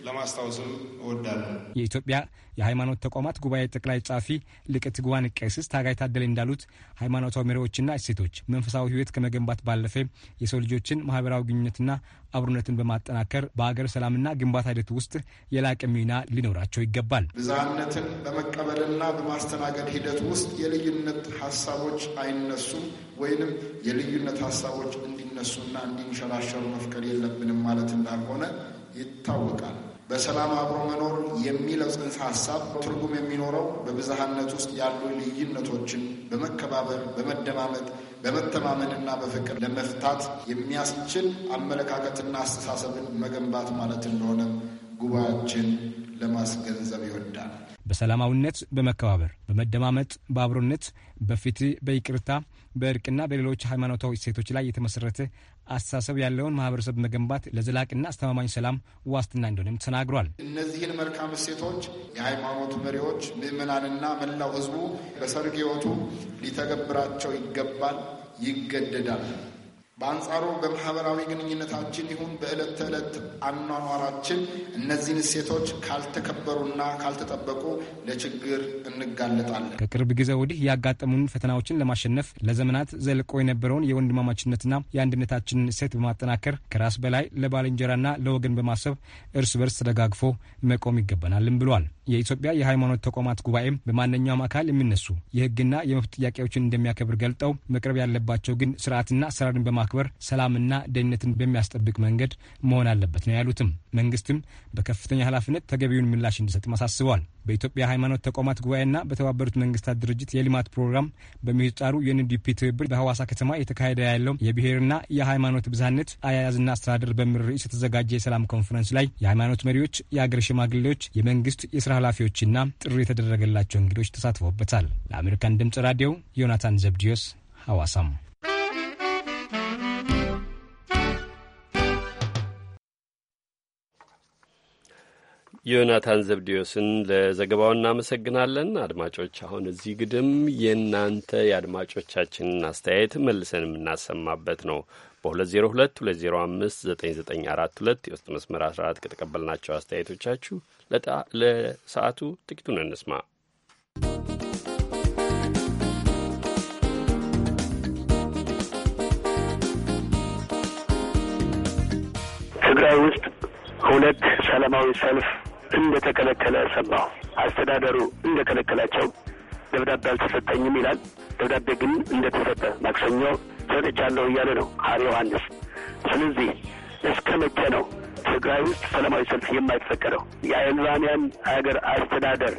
ለማስታወስም እወዳለሁ።
የኢትዮጵያ የሃይማኖት ተቋማት ጉባኤ ጠቅላይ ጻፊ ሊቀ ትጉሃን ቀሲስ ታጋይ ታደለ እንዳሉት ሃይማኖታዊ መሪዎችና እሴቶች መንፈሳዊ ሕይወት ከመገንባት ባለፈ የሰው ልጆችን ማህበራዊ ግንኙነትና አብሮነትን በማጠናከር በሀገር ሰላምና ግንባታ ሂደት ውስጥ የላቀ ሚና ሊኖራቸው ይገባል።
ብዝሃነትን
በመቀበልና በማስተናገድ ሂደት ውስጥ የልዩነት ሀሳቦች አይነሱም ወይንም የልዩነት ሀሳቦች እንዲነሱና እንዲንሸራሸሩ መፍቀድ የለብንም ማለት እንዳልሆነ ይታወቃል። በሰላም አብሮ መኖር የሚለው ጽንሰ ሀሳብ ትርጉም የሚኖረው በብዝሃነት ውስጥ ያሉ ልዩነቶችን በመከባበር፣ በመደማመጥ፣ በመተማመንና በፍቅር ለመፍታት የሚያስችል አመለካከትና አስተሳሰብን መገንባት ማለት እንደሆነ ጉባኤያችን ለማስገንዘብ ይወዳል።
በሰላማዊነት፣ በመከባበር፣ በመደማመጥ፣ በአብሮነት፣ በፍትህ፣ በይቅርታ፣ በእርቅና በሌሎች ሃይማኖታዊ እሴቶች ላይ የተመሰረተ አስተሳሰብ ያለውን ማህበረሰብ መገንባት ለዘላቅና አስተማማኝ ሰላም ዋስትና እንደሆነም ተናግሯል።
እነዚህን መልካም እሴቶች የሃይማኖት መሪዎች ምዕመናንና መላው ህዝቡ በሰርግ ህይወቱ ሊተገብራቸው ይገባል፣ ይገደዳል። በአንጻሩ በማህበራዊ ግንኙነታችን ይሁን በዕለት ተዕለት አኗኗራችን እነዚህን እሴቶች ካልተከበሩና ካልተጠበቁ ለችግር እንጋለጣለን።
ከቅርብ ጊዜ ወዲህ ያጋጠሙን ፈተናዎችን ለማሸነፍ ለዘመናት ዘልቆ የነበረውን የወንድማማችነትና የአንድነታችንን እሴት በማጠናከር ከራስ በላይ ለባልንጀራና ለወገን በማሰብ እርስ በርስ ተደጋግፎ መቆም ይገባናልም ብሏል። የኢትዮጵያ የሃይማኖት ተቋማት ጉባኤ በማንኛውም አካል የሚነሱ የህግና የመብት ጥያቄዎችን እንደሚያከብር ገልጠው መቅረብ ያለባቸው ግን ስርዓትና አሰራርን በማክበር ሰላምና ደህንነትን በሚያስጠብቅ መንገድ መሆን አለበት ነው ያሉትም። መንግስትም በከፍተኛ ኃላፊነት ተገቢውን ምላሽ እንዲሰጥም አሳስበዋል። በኢትዮጵያ ሃይማኖት ተቋማት ጉባኤና በተባበሩት መንግስታት ድርጅት የልማት ፕሮግራም በምህጻሩ ዩኤንዲፒ ትብብር በሐዋሳ ከተማ የተካሄደ ያለው የብሔርና የሃይማኖት ብዝሃነት አያያዝና አስተዳደር በሚል ርዕስ የተዘጋጀ የሰላም ኮንፈረንስ ላይ የሃይማኖት መሪዎች፣ የአገር ሽማግሌዎች፣ የመንግስት የስራ ኃላፊዎችና ጥሪ የተደረገላቸው እንግዶች ተሳትፎበታል። ለአሜሪካን ድምጽ ራዲዮ ዮናታን ዘብዲዮስ ሐዋሳም
ዮናታን ዘብዲዮስን ለዘገባው እናመሰግናለን። አድማጮች፣ አሁን እዚህ ግድም የእናንተ የአድማጮቻችንን አስተያየት መልሰን የምናሰማበት ነው። በ202 205 9942 የውስጥ መስመር 14 ከተቀበልናቸው አስተያየቶቻችሁ ለሰዓቱ ጥቂቱን እንስማ።
ትግራይ ውስጥ ሁለት ሰላማዊ ሰልፍ እንደተከለከለ ሰማሁ። አስተዳደሩ እንደከለከላቸው ደብዳቤ አልተሰጠኝም ይላል። ደብዳቤ ግን እንደተሰጠ ማክሰኞ ሰጥቻለሁ እያለ ነው ሀር ዮሐንስ። ስለዚህ እስከ መቼ ነው ትግራይ ውስጥ ሰላማዊ ሰልፍ የማይፈቀደው? የአልባንያን ሀገር አስተዳደር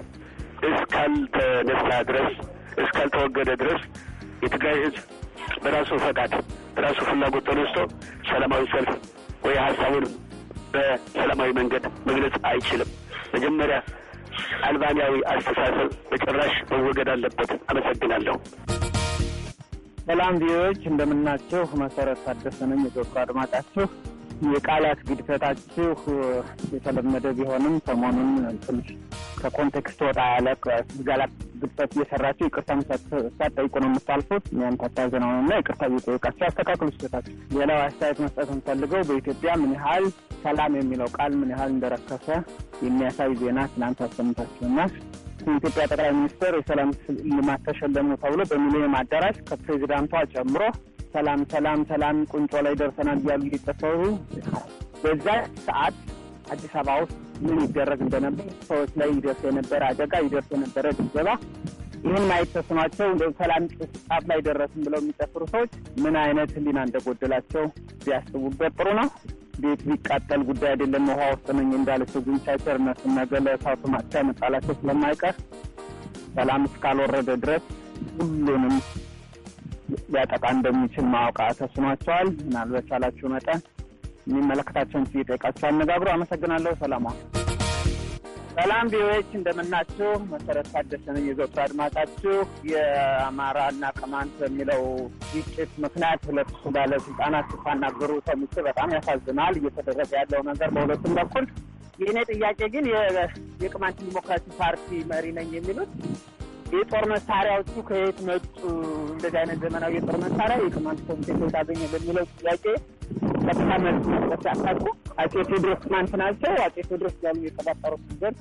እስካልተነሳ ድረስ እስካልተወገደ ድረስ የትግራይ ህዝብ በራሱ ፈቃድ በራሱ ፍላጎት ተነስቶ ሰላማዊ ሰልፍ ወይ ሀሳቡን በሰላማዊ መንገድ መግለጽ አይችልም። መጀመሪያ አልባንያዊ አስተሳሰብ በጭራሽ መወገድ አለበት። አመሰግናለሁ። ሰላም ቪዎች እንደምናቸው መሰረት ታደሰ ነኝ። የተወቁ አድማጫችሁ የቃላት ግድፈታችሁ የተለመደ ቢሆንም ሰሞኑን ትንሽ ከኮንቴክስት ወጣ ያለ ቃላት ግድፈት እየሰራችሁ ይቅርታ ሳትጠይቁ ነው የምታልፉት። ያን ታታዘነው እና ይቅርታ እየጠየቃችሁ አስተካክሉ ስህተታችሁ። ሌላው አስተያየት መስጠት የምፈልገው በኢትዮጵያ ምን ያህል ሰላም የሚለው ቃል ምን ያህል እንደረከሰ የሚያሳይ ዜና ትናንት አሰምታችሁና የኢትዮጵያ ጠቅላይ ሚኒስትር የሰላም ልማት ተሸለሙ ተብሎ በሚሊኒየም አዳራሽ ከፕሬዚዳንቷ ጨምሮ ሰላም ሰላም ሰላም ቁንጮ ላይ ደርሰናል እያሉ እየጨፈሩ በዛ ሰዓት አዲስ አበባ ውስጥ ምን ይደረግ እንደነበር ሰዎች ላይ ይደርስ የነበረ አደጋ ይደርስ የነበረ ድብደባ ይህን ማየት ተስኗቸው እንደ ሰላም ጫፍ ላይ ደረስን ብለው የሚጨፍሩ ሰዎች ምን አይነት ህሊና እንደጎደላቸው ቢያስቡበት ጥሩ ነው። ቤት ቢቃጠል ጉዳይ አይደለም። ውሃ ውስጥ ነኝ እንዳለችው ጉንቻቸር እነሱና ገለሳቱ ማቻ መጣላቸው ስለማይቀር ሰላም እስካልወረደ ድረስ ሁሉንም ሊያጠቃ እንደሚችል ማወቅ ተስኗቸዋል። ምናልባት በቻላችሁ መጠን የሚመለከታቸውን ጥያቄያቸው አነጋግሩ። አመሰግናለሁ። ሰላማ ሰላም ቢዎች እንደምናችሁ። መሰረት ታደሰ ነኝ የዘወትር አድማጫችሁ። የአማራና ቅማንት በሚለው ግጭት ምክንያት ሁለቱ ባለስልጣናት ሲታናገሩ ሰምቼ በጣም ያሳዝናል እየተደረገ ያለው ነገር በሁለቱም በኩል። የእኔ ጥያቄ ግን የቅማንት ዲሞክራሲ ፓርቲ መሪ ነኝ የሚሉት የጦር መሳሪያዎቹ ከየት መጡ? እንደዚህ አይነት ዘመናዊ የጦር መሳሪያ የቅማንት ኮሚቴ ከየት አገኘ በሚለው ጥያቄ ቀጥታ መልስ መስጠት ያሳቁ አጼ ቴዎድሮስ ቅማንት ናቸው። አጼ ቴዎድሮስ ያሉ የተባጠሩት ነገር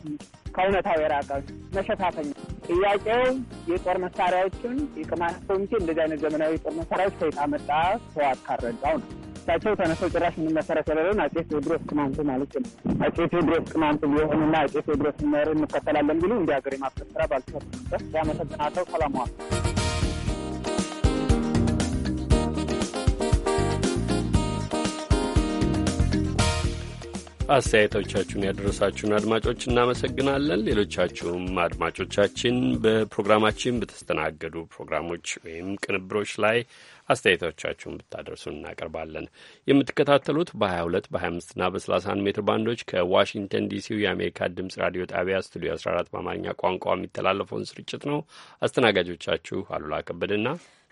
ከእውነታው የራቀ መሸፋፈኛ ጥያቄው የጦር መሳሪያዎችን የቅማንት ኮሚቴ እንደዚህ አይነት ዘመናዊ የጦር መሳሪያዎች ከየት አመጣ ሰው አካረዳው ነው። እሳቸው ተነስተው ጭራሽ የምንመሰረት ያለውን አጼ ቴዎድሮስ ቅማንቱ ማለት ነው። አጼ ቴዎድሮስ ቅማንቱ ቢሆንና አጼ ቴዎድሮስ መር እንከተላለን ቢሉ እንዲ ሀገር የማስቀት ስራ ባልተሰበት ያመሰግናቸው። ሰላማዋል
አስተያየቶቻችሁን ያደረሳችሁን አድማጮች እናመሰግናለን። ሌሎቻችሁም አድማጮቻችን በፕሮግራማችን በተስተናገዱ ፕሮግራሞች ወይም ቅንብሮች ላይ አስተያየቶቻችሁን ብታደርሱን እናቀርባለን። የምትከታተሉት በ22 በ25ና በ31 ሜትር ባንዶች ከዋሽንግተን ዲሲው የአሜሪካ ድምፅ ራዲዮ ጣቢያ ስቱዲዮ 14 በአማርኛ ቋንቋ የሚተላለፈውን ስርጭት ነው። አስተናጋጆቻችሁ አሉላ ከበደና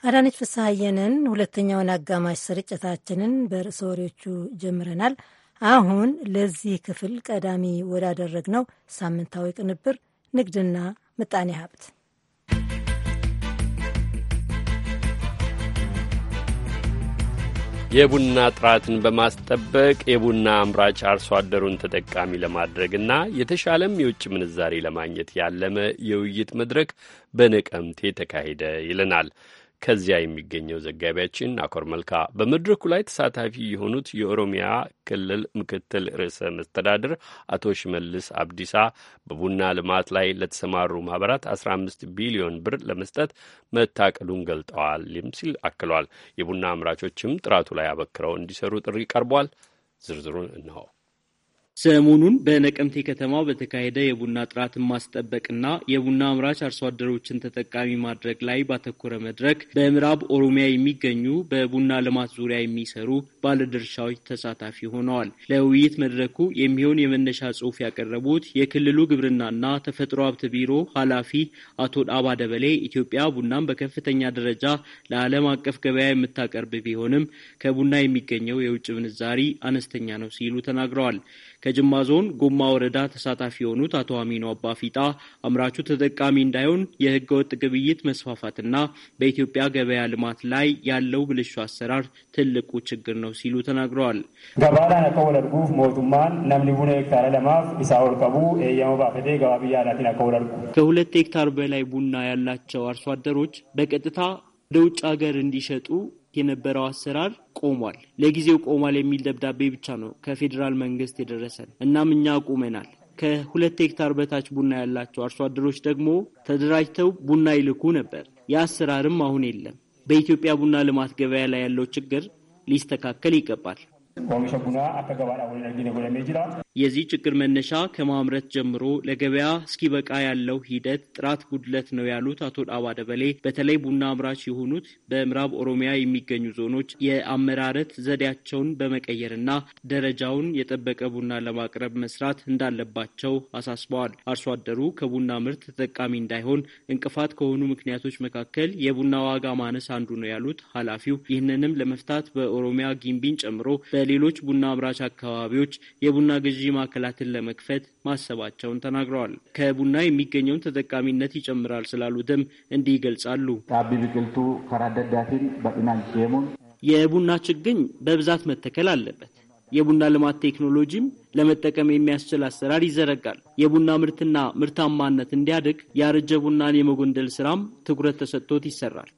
አዳነች ፍስሐየንን። ሁለተኛውን አጋማሽ ስርጭታችንን በርዕሰ ወሬዎቹ ጀምረናል። አሁን ለዚህ ክፍል ቀዳሚ ወዳደረግነው ሳምንታዊ ቅንብር ንግድና ምጣኔ ሀብት
የቡና ጥራትን በማስጠበቅ የቡና አምራች አርሶ አደሩን ተጠቃሚ ለማድረግና የተሻለም የውጭ ምንዛሬ ለማግኘት ያለመ የውይይት መድረክ በነቀምቴ ተካሄደ ይለናል። ከዚያ የሚገኘው ዘጋቢያችን አኮር መልካ በመድረኩ ላይ ተሳታፊ የሆኑት የኦሮሚያ ክልል ምክትል ርዕሰ መስተዳድር አቶ ሽመልስ አብዲሳ በቡና ልማት ላይ ለተሰማሩ ማህበራት 15 ቢሊዮን ብር ለመስጠት መታቀዱን ገልጠዋል ሲል አክሏል። የቡና አምራቾችም ጥራቱ ላይ አበክረው እንዲሰሩ ጥሪ ቀርቧል። ዝርዝሩን እንሆ ሰሞኑን በነቀምቴ ከተማ በተካሄደ የቡና ጥራትን ማስጠበቅና የቡና
አምራች አርሶ አደሮችን ተጠቃሚ ማድረግ ላይ ባተኮረ መድረክ በምዕራብ ኦሮሚያ የሚገኙ በቡና ልማት ዙሪያ የሚሰሩ ባለድርሻዎች ተሳታፊ ሆነዋል። ለውይይት መድረኩ የሚሆን የመነሻ ጽሑፍ ያቀረቡት የክልሉ ግብርናና ተፈጥሮ ሀብት ቢሮ ኃላፊ አቶ ዳባ ደበሌ ኢትዮጵያ ቡናን በከፍተኛ ደረጃ ለዓለም አቀፍ ገበያ የምታቀርብ ቢሆንም ከቡና የሚገኘው የውጭ ምንዛሪ አነስተኛ ነው ሲሉ ተናግረዋል። ከጅማ ዞን ጎማ ወረዳ ተሳታፊ የሆኑት አቶ አሚኖ አባ ፊጣ አምራቹ ተጠቃሚ እንዳይሆን የህገ ወጥ ግብይት መስፋፋትና በኢትዮጵያ ገበያ ልማት ላይ ያለው ብልሹ አሰራር ትልቁ ችግር ነው ሲሉ ተናግረዋል። ከሁለት ሄክታር በላይ ቡና ያላቸው አርሶ አደሮች በቀጥታ ወደ ውጭ ሀገር እንዲሸጡ የነበረው አሰራር ቆሟል፣ ለጊዜው ቆሟል የሚል ደብዳቤ ብቻ ነው ከፌዴራል መንግስት የደረሰን። እናም እኛ ቁመናል ከሁለት ሄክታር በታች ቡና ያላቸው አርሶ አደሮች ደግሞ ተደራጅተው ቡና ይልኩ ነበር። የአሰራርም አሁን የለም። በኢትዮጵያ ቡና ልማት ገበያ ላይ ያለው ችግር ሊስተካከል ይገባል።
ኦሚሸ ቡና አከገባዳ ወ ጎለሜ ጅራ
የዚህ ችግር መነሻ ከማምረት ጀምሮ ለገበያ እስኪበቃ ያለው ሂደት ጥራት ጉድለት ነው ያሉት አቶ ጣባ ደበሌ በተለይ ቡና አምራች የሆኑት በምዕራብ ኦሮሚያ የሚገኙ ዞኖች የአመራረት ዘዴያቸውን በመቀየርና ደረጃውን የጠበቀ ቡና ለማቅረብ መስራት እንዳለባቸው አሳስበዋል። አርሶ አደሩ ከቡና ምርት ተጠቃሚ እንዳይሆን እንቅፋት ከሆኑ ምክንያቶች መካከል የቡና ዋጋ ማነስ አንዱ ነው ያሉት ኃላፊው ይህንንም ለመፍታት በኦሮሚያ ጊምቢን ጨምሮ በሌሎች ቡና አምራች አካባቢዎች የቡና ግዢ የኢነርጂ ማዕከላትን ለመክፈት ማሰባቸውን ተናግረዋል። ከቡና የሚገኘውን ተጠቃሚነት ይጨምራል ስላሉትም እንዲህ ይገልጻሉ። ጣቢ ቢቅልቱ ከራደዳቲን የቡና ችግኝ በብዛት መተከል አለበት። የቡና ልማት ቴክኖሎጂም ለመጠቀም የሚያስችል አሰራር ይዘረጋል። የቡና ምርትና ምርታማነት እንዲያድግ ያረጀ ቡናን የመጎንደል ስራም ትኩረት ተሰጥቶት ይሰራል።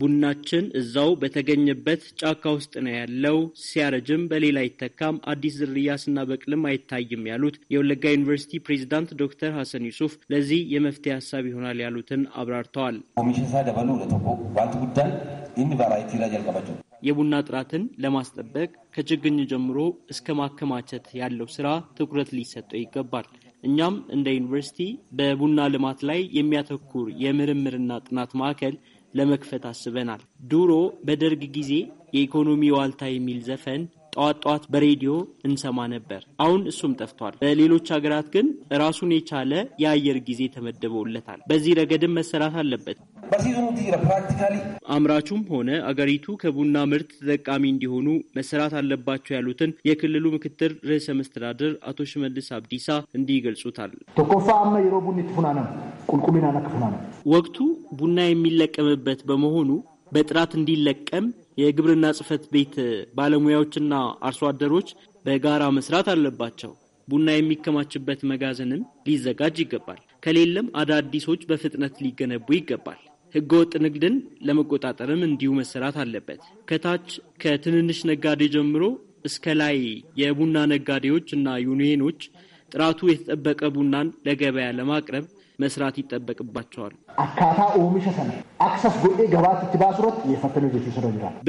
ቡናችን እዛው በተገኘበት ጫካ ውስጥ ነው ያለው። ሲያረጅም በሌላ አይተካም፣ አዲስ ዝርያ ስናበቅልም አይታይም ያሉት የወለጋ ዩኒቨርሲቲ ፕሬዚዳንት ዶክተር ሀሰን ዩሱፍ ለዚህ የመፍትሄ ሀሳብ ይሆናል ያሉትን አብራርተዋል። የቡና ጥራትን ለማስጠበቅ ከችግኝ ጀምሮ እስከ ማከማቸት ያለው ስራ ትኩረት ሊሰጠው ይገባል። እኛም እንደ ዩኒቨርሲቲ በቡና ልማት ላይ የሚያተኩር የምርምርና ጥናት ማዕከል ለመክፈት አስበናል። ድሮ በደርግ ጊዜ የኢኮኖሚ ዋልታ የሚል ዘፈን ጠዋት ጠዋት በሬዲዮ እንሰማ ነበር። አሁን እሱም ጠፍቷል። በሌሎች ሀገራት ግን ራሱን የቻለ የአየር ጊዜ ተመድበውለታል። በዚህ ረገድም መሰራት አለበት። አምራቹም ሆነ አገሪቱ ከቡና ምርት ተጠቃሚ እንዲሆኑ መሰራት አለባቸው ያሉትን የክልሉ ምክትል ርዕሰ መስተዳድር አቶ ሽመልስ አብዲሳ እንዲህ ይገልጹታል።
ተኮፋ አመ የሮ
ወቅቱ ቡና የሚለቀምበት በመሆኑ በጥራት እንዲለቀም የግብርና ጽህፈት ቤት ባለሙያዎችና አርሶ አደሮች በጋራ መስራት አለባቸው። ቡና የሚከማችበት መጋዘንም ሊዘጋጅ ይገባል። ከሌለም አዳዲሶች በፍጥነት ሊገነቡ ይገባል። ህገወጥ ንግድን ለመቆጣጠርም እንዲሁ መሰራት አለበት። ከታች ከትንንሽ ነጋዴ ጀምሮ እስከ ላይ የቡና ነጋዴዎች እና ዩኒየኖች ጥራቱ የተጠበቀ ቡናን ለገበያ ለማቅረብ መስራት ይጠበቅባቸዋል።
አካታ ኦሚሸ ሰነ አክሰስ ጎ ገባት ትባስሮት የፈተነ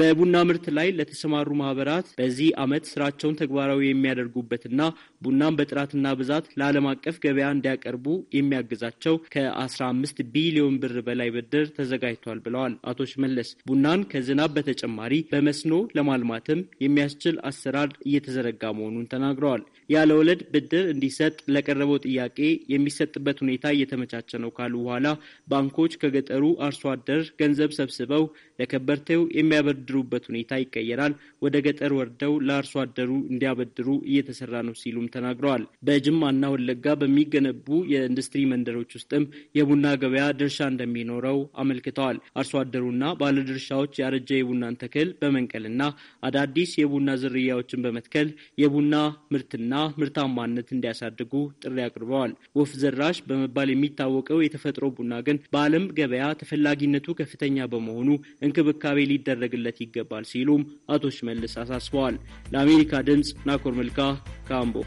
በቡና ምርት ላይ ለተሰማሩ ማህበራት በዚህ ዓመት ስራቸውን ተግባራዊ የሚያደርጉበትና ቡናን በጥራትና ብዛት ለዓለም አቀፍ ገበያ እንዲያቀርቡ የሚያግዛቸው ከ15 ቢሊዮን ብር በላይ ብድር ተዘጋጅቷል ብለዋል አቶ ሽመለስ። ቡናን ከዝናብ በተጨማሪ በመስኖ ለማልማትም የሚያስችል አሰራር እየተዘረጋ መሆኑን ተናግረዋል። ያለ ወለድ ብድር እንዲሰጥ ለቀረበው ጥያቄ የሚሰጥበት ሁኔታ እየተ የተመቻቸ ነው ካሉ በኋላ ባንኮች ከገጠሩ አርሶ አደር ገንዘብ ሰብስበው ለከበርቴው የሚያበድሩበት ሁኔታ ይቀየራል። ወደ ገጠር ወርደው ለአርሶ አደሩ እንዲያበድሩ እየተሰራ ነው ሲሉም ተናግረዋል። በጅማና ወለጋ በሚገነቡ የኢንዱስትሪ መንደሮች ውስጥም የቡና ገበያ ድርሻ እንደሚኖረው አመልክተዋል። አርሶ አደሩና ባለድርሻዎች ያረጀ የቡናን ተክል በመንቀልና አዳዲስ የቡና ዝርያዎችን በመትከል የቡና ምርትና ምርታማነት እንዲያሳድጉ ጥሪ አቅርበዋል። ወፍ ዘራሽ በመባል የሚ የሚታወቀው የተፈጥሮ ቡና ግን በዓለም ገበያ ተፈላጊነቱ ከፍተኛ በመሆኑ እንክብካቤ ሊደረግለት ይገባል ሲሉም አቶ ሽመልስ አሳስበዋል። ለአሜሪካ ድምፅ ናኮር መልካ ካምቦ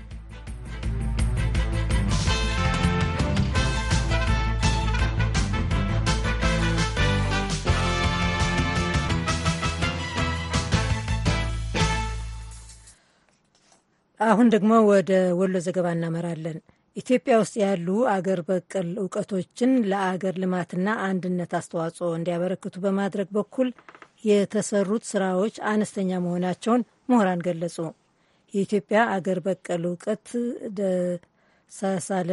አሁን ደግሞ ወደ ወሎ ዘገባ እናመራለን። ኢትዮጵያ ውስጥ ያሉ አገር በቀል እውቀቶችን ለአገር ልማትና አንድነት አስተዋጽኦ እንዲያበረክቱ በማድረግ በኩል የተሰሩት ስራዎች አነስተኛ መሆናቸውን ምሁራን ገለጹ። የኢትዮጵያ አገር በቀል እውቀት ሳሳለ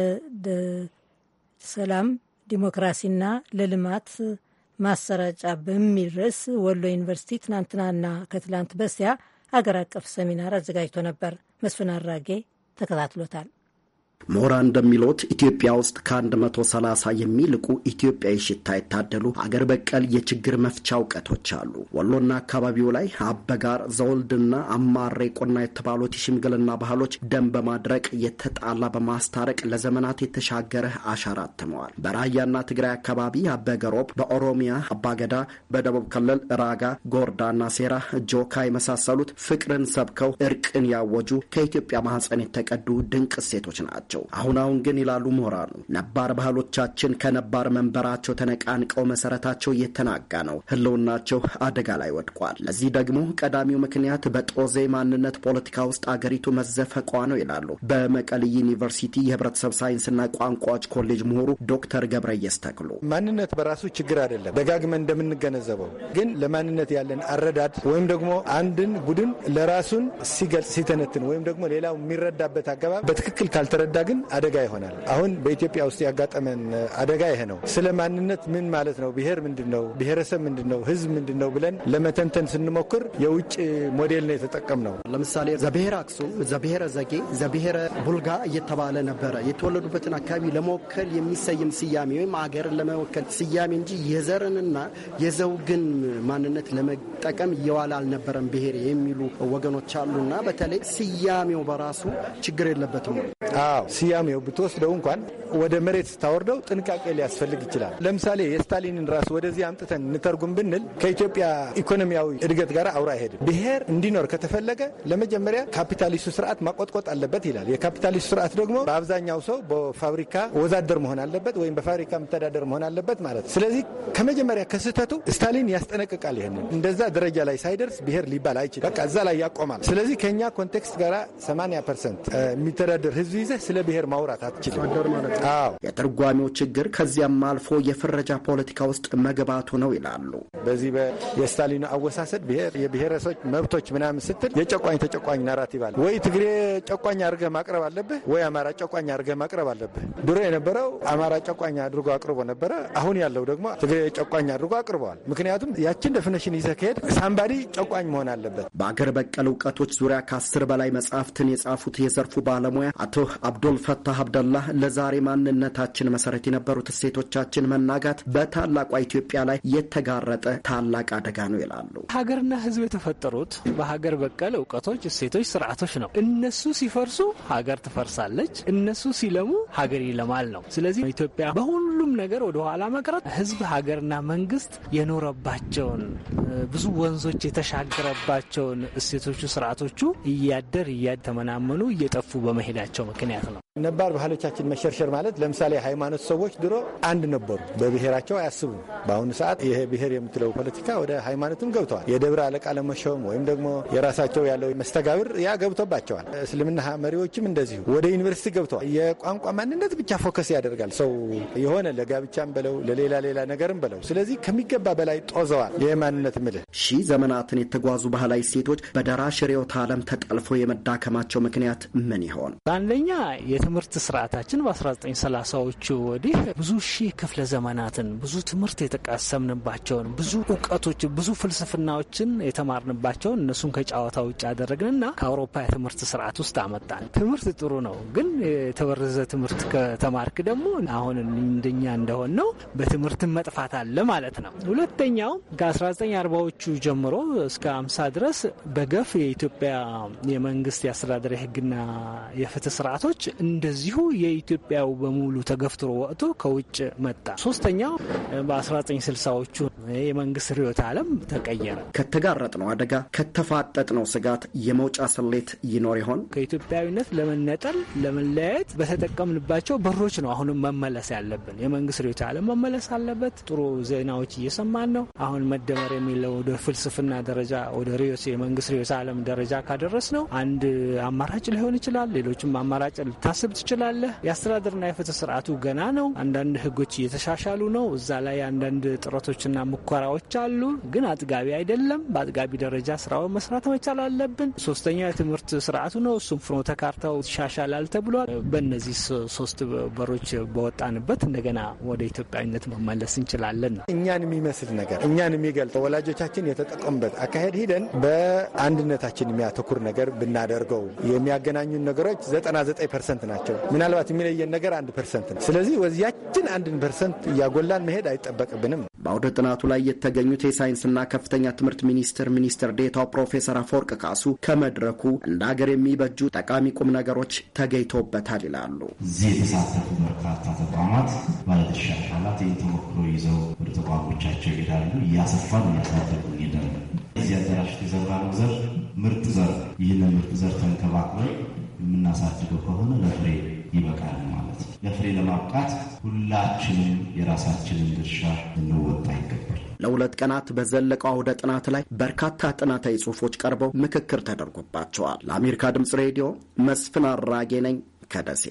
ሰላም፣ ዲሞክራሲና ለልማት ማሰራጫ በሚል ርዕስ ወሎ ዩኒቨርሲቲ ትናንትናና ከትላንት በስቲያ አገር አቀፍ ሰሚናር አዘጋጅቶ ነበር። መስፍን አራጌ ተከታትሎታል።
ሞራ እንደሚሉት ኢትዮጵያ ውስጥ ከ130 የሚልቁ ኢትዮጵያዊ ሽታ የታደሉ አገር በቀል የችግር መፍቻ እውቀቶች አሉ። ወሎና አካባቢው ላይ አበጋር፣ ዘወልድና አማሬ ቆና የተባሉት የሽምግልና ባህሎች ደም በማድረቅ የተጣላ በማስታረቅ ለዘመናት የተሻገረ አሻራ አትመዋል። በራያና ትግራይ አካባቢ አበገሮብ፣ በኦሮሚያ አባገዳ፣ በደቡብ ክልል ራጋ፣ ጎርዳና፣ ሴራ፣ ጆካ የመሳሰሉት ፍቅርን ሰብከው እርቅን ያወጁ ከኢትዮጵያ ማህፀን የተቀዱ ድንቅ እሴቶች ናቸው። ናቸው። አሁን አሁን ግን ይላሉ ምሁራኑ ነባር ባህሎቻችን ከነባር መንበራቸው ተነቃንቀው መሰረታቸው እየተናጋ ነው፣ ህልውናቸው አደጋ ላይ ወድቋል። ለዚህ ደግሞ ቀዳሚው ምክንያት በጦዜ ማንነት ፖለቲካ ውስጥ አገሪቱ መዘፈቋ ነው ይላሉ በመቀል ዩኒቨርሲቲ የህብረተሰብ ሳይንስና ቋንቋዎች ኮሌጅ ምሁሩ ዶክተር ገብረየስ ተክሎ
ማንነት በራሱ ችግር አይደለም፣
ደጋግመን እንደምንገነዘበው
ግን ለማንነት ያለን አረዳድ ወይም ደግሞ አንድን ቡድን ለራሱን ሲገልጽ ሲተነትን ወይም ደግሞ ሌላው የሚረዳበት አገባብ በትክክል ካልተረዳ ግን አደጋ ይሆናል። አሁን በኢትዮጵያ ውስጥ ያጋጠመን አደጋ ይሄ ነው። ስለ ማንነት ምን ማለት ነው፣ ብሔር ምንድን ነው፣ ብሔረሰብ ምንድን ነው፣ ህዝብ ምንድን ነው ብለን ለመተንተን ስንሞክር የውጭ ሞዴል ነው ነው። ለምሳሌ
ዘብሔረ አክሱም፣ ዘብሔረ ዘጌ፣ ዘብሔረ ቡልጋ እየተባለ ነበረ። የተወለዱበትን አካባቢ ለመወከል የሚሰይም ስያሜ ወይም አገርን ለመወከል ስያሜ እንጂ የዘርንና የዘውግን ማንነት ለመጠቀም እየዋለ አልነበረም ብሔር የሚሉ ወገኖች አሉና በተለይ ስያሜው በራሱ ችግር የለበትም።
አዎ ስያሜው ብትወስደው እንኳን ወደ መሬት ስታወርደው ጥንቃቄ ሊያስፈልግ ይችላል። ለምሳሌ የስታሊንን ራስ ወደዚህ አምጥተን እንተርጉም ብንል ከኢትዮጵያ ኢኮኖሚያዊ እድገት ጋር አውራ አይሄድም። ብሔር እንዲኖር ከተፈለገ ለመጀመሪያ ካፒታሊስቱ ስርዓት ማቆጥቆጥ አለበት ይላል። የካፒታሊስቱ ስርዓት ደግሞ በአብዛኛው ሰው በፋብሪካ ወዛደር መሆን አለበት ወይም በፋብሪካ መተዳደር መሆን አለበት ማለት ነው። ስለዚህ ከመጀመሪያ ከስህተቱ ስታሊን ያስጠነቅቃል። ይህንን እንደዛ ደረጃ ላይ ሳይደርስ ብሔር ሊባል አይችልም። በቃ እዛ ላይ ያቆማል። ስለዚህ ከእኛ ኮንቴክስት ጋር 80 ፐርሰንት የሚተዳደር ህዝብ ይዘህ ስለ ብሔር ማውራት አትችልም።
የተርጓሚው ችግር ከዚያም አልፎ የፍረጃ ፖለቲካ ውስጥ መግባቱ ነው ይላሉ። በዚህ
የስታሊኑ አወሳሰድ የብሔረሰቦች መብቶች ምናምን ስትል የጨቋኝ ተጨቋኝ ናራቲቭ አለ ወይ ትግሬ ጨቋኝ አድርገ ማቅረብ አለብህ ወይ አማራ ጨቋኝ አድርገ ማቅረብ አለብህ። ድሮ የነበረው አማራ ጨቋኝ አድርጎ አቅርቦ ነበረ። አሁን ያለው ደግሞ ትግሬ ጨቋኝ አድርጎ አቅርበዋል። ምክንያቱም ያችን
ደፍነሽን ይዘ ከሄድ ሳምባዲ ጨቋኝ መሆን አለበት። በአገር በቀል እውቀቶች ዙሪያ ከአስር በላይ መጽሐፍትን የጻፉት የዘርፉ ባለሙያ አቶ አብዶል ፈታህ አብደላህ ለዛሬ በማንነታችን መሰረት የነበሩት እሴቶቻችን መናጋት በታላቋ ኢትዮጵያ ላይ የተጋረጠ ታላቅ አደጋ ነው ይላሉ።
ሀገርና ህዝብ የተፈጠሩት በሀገር በቀል እውቀቶች፣ እሴቶች፣ ስርዓቶች ነው። እነሱ ሲፈርሱ ሀገር ትፈርሳለች። እነሱ ሲለሙ ሀገር ይለማል ነው። ስለዚህ ኢትዮጵያ በሁሉም ነገር ወደኋላ መቅረት ህዝብ ሀገርና መንግስት የኖረባቸውን ብዙ ወንዞች የተሻገረባቸውን እሴቶቹ፣ ስርዓቶቹ እያደር እያተመናመኑ እየጠፉ በመሄዳቸው ምክንያት ነው። ነባር ባህሎቻችን
መሸርሸር ማለት ለምሳሌ ሃይማኖት ሰዎች ድሮ አንድ ነበሩ፣ በብሔራቸው አያስቡም። በአሁኑ ሰዓት ይሄ ብሔር የምትለው ፖለቲካ ወደ ሃይማኖትም ገብተዋል። የደብረ አለቃ ለመሾም ወይም ደግሞ የራሳቸው ያለው መስተጋብር ያ ገብቶባቸዋል። እስልምና መሪዎችም እንደዚሁ ወደ ዩኒቨርሲቲ ገብተዋል። የቋንቋ ማንነት ብቻ ፎከስ ያደርጋል ሰው የሆነ ለጋብቻም በለው ለሌላ ሌላ ነገርም በለው። ስለዚህ ከሚገባ በላይ ጦዘዋል።
የማንነት ምልህ ሺህ ዘመናትን የተጓዙ ባህላዊ ሴቶች በደራሽ ርዕዮተ ዓለም ተጠልፎ የመዳከማቸው ምክንያት ምን ይሆን?
አንደኛ የትምህርት ስርዓታችን በ19 ከ1930ዎቹ ወዲህ ብዙ ሺህ ክፍለ ዘመናትን ብዙ ትምህርት የተቃሰምንባቸውን ብዙ እውቀቶች ብዙ ፍልስፍናዎችን የተማርንባቸውን እነሱን ከጨዋታ ውጭ አደረግንና ከአውሮፓ የትምህርት ስርዓት ውስጥ አመጣን። ትምህርት ጥሩ ነው፣ ግን የተበረዘ ትምህርት ከተማርክ ደግሞ አሁን እንደኛ እንደሆን ነው በትምህርት መጥፋት አለ ማለት ነው። ሁለተኛው ከ1940ዎቹ ጀምሮ እስከ 50 ድረስ በገፍ የኢትዮጵያ የመንግስት የአስተዳደር የህግና የፍትህ ስርዓቶች እንደዚሁ የኢትዮጵያው በሙሉ ተገፍትሮ ወጥቶ ከውጭ መጣ። ሶስተኛው በ1960ዎቹ የመንግስት ርዕዮተ ዓለም ተቀየረ።
ከተጋረጥነው አደጋ ከተፋጠጥነው ስጋት የመውጫ ስሌት ይኖር
ይሆን? ከኢትዮጵያዊነት ለመነጠል ለመለያየት በተጠቀምንባቸው በሮች ነው አሁንም መመለስ ያለብን። የመንግስት ርዕዮተ ዓለም መመለስ አለበት። ጥሩ ዜናዎች እየሰማን ነው። አሁን መደመር የሚለው ወደ ፍልስፍና ደረጃ ወደ ርዕዮተ የመንግስት ርዕዮተ ዓለም ደረጃ ካደረስ ነው አንድ አማራጭ ሊሆን ይችላል። ሌሎችም አማራጭ ልታስብ ትችላለህ። የአስተዳደርና ፍትህ ስርዓቱ ገና ነው። አንዳንድ ህጎች እየተሻሻሉ ነው። እዛ ላይ አንዳንድ ጥረቶችና ሙከራዎች አሉ፣ ግን አጥጋቢ አይደለም። በአጥጋቢ ደረጃ ስራው መስራት መቻል አለብን። ሶስተኛ የትምህርት ስርዓቱ ነው። እሱም ፍኖተ ካርታው ይሻሻላል ተብሏል። በእነዚህ ሶስት በሮች በወጣንበት እንደገና ወደ ኢትዮጵያዊነት መመለስ እንችላለን ነው እኛን የሚመስል ነገር እኛን የሚገልጠው
ወላጆቻችን የተጠቀሙበት አካሄድ ሂደን በአንድነታችን የሚያተኩር ነገር ብናደርገው የሚያገናኙን ነገሮች 99 ፐርሰንት ናቸው። ምናልባት የሚለየን ነገር ነገር አንድ ፐርሰንት ነው። ስለዚህ ወዚያችን አንድን ፐርሰንት እያጎላን
መሄድ አይጠበቅብንም። በአውደ ጥናቱ ላይ የተገኙት የሳይንስና ከፍተኛ ትምህርት ሚኒስትር ሚኒስትር ዴታው ፕሮፌሰር አፈወርቅ ካሱ ከመድረኩ እንደ ሀገር የሚበጁ ጠቃሚ ቁም ነገሮች ተገኝተውበታል ይላሉ። እዚህ የተሳተፉ በርካታ ተቋማት ባለድርሻ አካላት ይህን ተሞክሮ ይዘው ወደ ተቋሞቻቸው ይሄዳሉ። እያሰፋን እያሳደጉ ይሄዳሉ። እዚህ አዳራሽ የዘራነው ዘር ምርጥ ዘር፣ ይህንን ምርጥ ዘር ተንከባክበን የምናሳድገው ከሆነ ለፍሬ ይበቃል ማለት ነው። ለፍሬ ለማብቃት ሁላችንም የራሳችንን ድርሻ እንወጣ ይገባል። ለሁለት ቀናት በዘለቀው አውደ ጥናት ላይ በርካታ ጥናታዊ ጽሁፎች ቀርበው ምክክር ተደርጎባቸዋል። ለአሜሪካ ድምፅ ሬዲዮ መስፍን አራጌ ነኝ ከደሴ።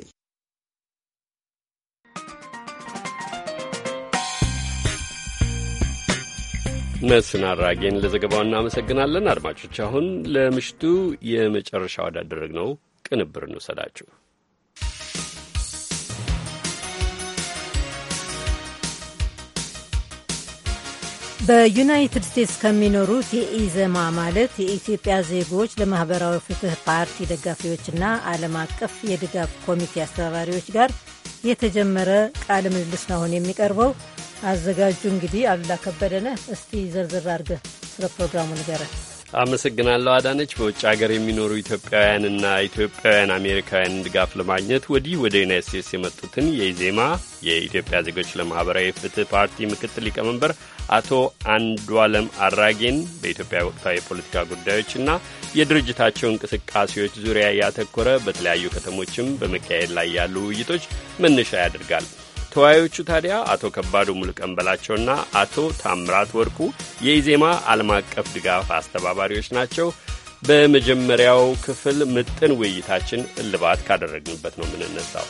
መስን አራጌን ለዘገባው እናመሰግናለን። አድማጮች አሁን ለምሽቱ የመጨረሻ ነው ቅንብር እንውሰዳችሁ።
በዩናይትድ ስቴትስ ከሚኖሩት የኢዘማ ማለት የኢትዮጵያ ዜጎች ለማህበራዊ ፍትህ ፓርቲ ደጋፊዎችና ዓለም አቀፍ የድጋፍ ኮሚቴ አስተባባሪዎች ጋር የተጀመረ ቃለ ምልልስ ነው አሁን የሚቀርበው። አዘጋጁ እንግዲህ አሉላ ከበደነ። እስቲ ዝርዝር አድርገህ ስለ ፕሮግራሙ ንገረን።
አመሰግናለሁ አዳነች። በውጭ ሀገር የሚኖሩ ኢትዮጵያውያንና ኢትዮጵያውያን አሜሪካውያን ድጋፍ ለማግኘት ወዲህ ወደ ዩናይት ስቴትስ የመጡትን የኢዜማ የኢትዮጵያ ዜጎች ለማህበራዊ ፍትህ ፓርቲ ምክትል ሊቀመንበር አቶ አንዱ ዓለም አራጌን በኢትዮጵያ ወቅታዊ የፖለቲካ ጉዳዮችና የድርጅታቸው እንቅስቃሴዎች ዙሪያ ያተኮረ በተለያዩ ከተሞችም በመካሄድ ላይ ያሉ ውይይቶች መነሻ ያደርጋል። ተወያዮቹ ታዲያ አቶ ከባዱ ሙሉቀን በላቸውና አቶ ታምራት ወርቁ የኢዜማ ዓለም አቀፍ ድጋፍ አስተባባሪዎች ናቸው። በመጀመሪያው ክፍል ምጥን ውይይታችን እልባት ካደረግንበት ነው የምንነሳው።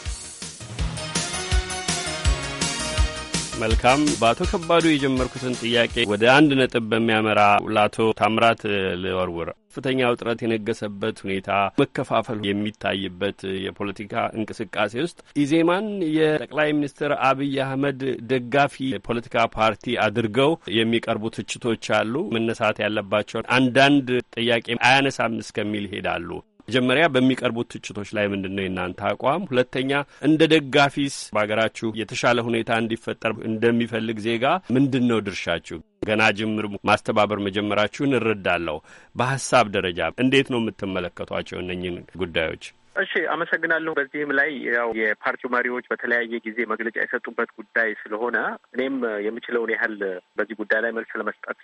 መልካም። በአቶ ከባዱ የጀመርኩትን ጥያቄ ወደ አንድ ነጥብ በሚያመራ ለአቶ ታምራት ልወርውር። ከፍተኛ ውጥረት የነገሰበት ሁኔታ፣ መከፋፈል የሚታይበት የፖለቲካ እንቅስቃሴ ውስጥ ኢዜማን የጠቅላይ ሚኒስትር አብይ አህመድ ደጋፊ የፖለቲካ ፓርቲ አድርገው የሚቀርቡ ትችቶች አሉ። መነሳት ያለባቸውን አንዳንድ ጥያቄ አያነሳም እስከሚል ይሄዳሉ። መጀመሪያ በሚቀርቡት ትችቶች ላይ ምንድን ነው የእናንተ አቋም? ሁለተኛ እንደ ደጋፊስ በሀገራችሁ የተሻለ ሁኔታ እንዲፈጠር እንደሚፈልግ ዜጋ ምንድን ነው ድርሻችሁ? ገና ጅምር ማስተባበር መጀመራችሁን እረዳለሁ በሀሳብ ደረጃ እንዴት ነው የምትመለከቷቸው እነኝን ጉዳዮች?
እሺ፣ አመሰግናለሁ። በዚህም ላይ ያው የፓርቲው መሪዎች በተለያየ ጊዜ መግለጫ የሰጡበት ጉዳይ ስለሆነ እኔም የምችለውን ያህል በዚህ ጉዳይ ላይ መልስ ለመስጠት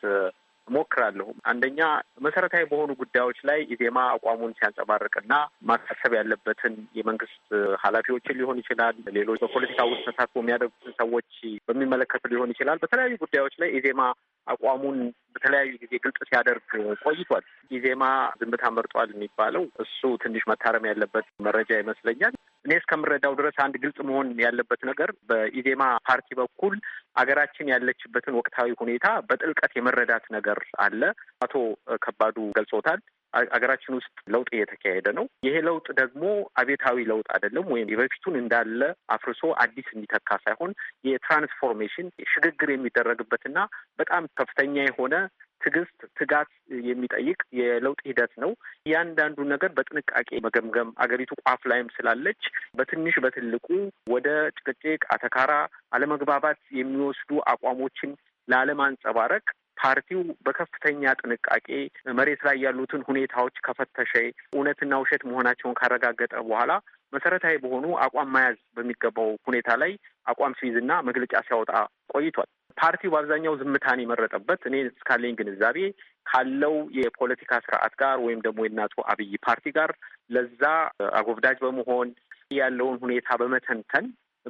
ሞክራለሁ። አንደኛ መሰረታዊ በሆኑ ጉዳዮች ላይ ኢዜማ አቋሙን ሲያንጸባርቅና ማሳሰብ ያለበትን የመንግስት ኃላፊዎችን ሊሆን ይችላል፣ ሌሎች በፖለቲካ ውስጥ ተሳትፎ የሚያደርጉትን ሰዎች በሚመለከት ሊሆን ይችላል። በተለያዩ ጉዳዮች ላይ ኢዜማ አቋሙን በተለያዩ ጊዜ ግልጽ ሲያደርግ ቆይቷል። ኢዜማ ዝምታ መርጧል የሚባለው እሱ ትንሽ መታረም ያለበት መረጃ ይመስለኛል። እኔ እስከምረዳው ድረስ አንድ ግልጽ መሆን ያለበት ነገር በኢዜማ ፓርቲ በኩል አገራችን ያለችበትን ወቅታዊ ሁኔታ በጥልቀት የመረዳት ነገር አለ። አቶ ከባዱ ገልጾታል። አገራችን ውስጥ ለውጥ እየተካሄደ ነው። ይሄ ለውጥ ደግሞ አቤታዊ ለውጥ አይደለም፣ ወይም የበፊቱን እንዳለ አፍርሶ አዲስ የሚተካ ሳይሆን የትራንስፎርሜሽን ሽግግር የሚደረግበትና በጣም ከፍተኛ የሆነ ትዕግስት፣ ትጋት የሚጠይቅ የለውጥ ሂደት ነው። እያንዳንዱ ነገር በጥንቃቄ መገምገም አገሪቱ ቋፍ ላይም ስላለች በትንሽ በትልቁ ወደ ጭቅጭቅ፣ አተካራ፣ አለመግባባት የሚወስዱ አቋሞችን ላለማንጸባረቅ ፓርቲው በከፍተኛ ጥንቃቄ መሬት ላይ ያሉትን ሁኔታዎች ከፈተሸ፣ እውነትና ውሸት መሆናቸውን ካረጋገጠ በኋላ መሰረታዊ በሆኑ አቋም መያዝ በሚገባው ሁኔታ ላይ አቋም ሲይዝና መግለጫ ሲያወጣ ቆይቷል። ፓርቲው በአብዛኛው ዝምታን የመረጠበት እኔ እስካለኝ ግንዛቤ ካለው የፖለቲካ ስርዓት ጋር ወይም ደግሞ የእናቱ አብይ ፓርቲ ጋር ለዛ አጎብዳጅ በመሆን ያለውን ሁኔታ በመተንተን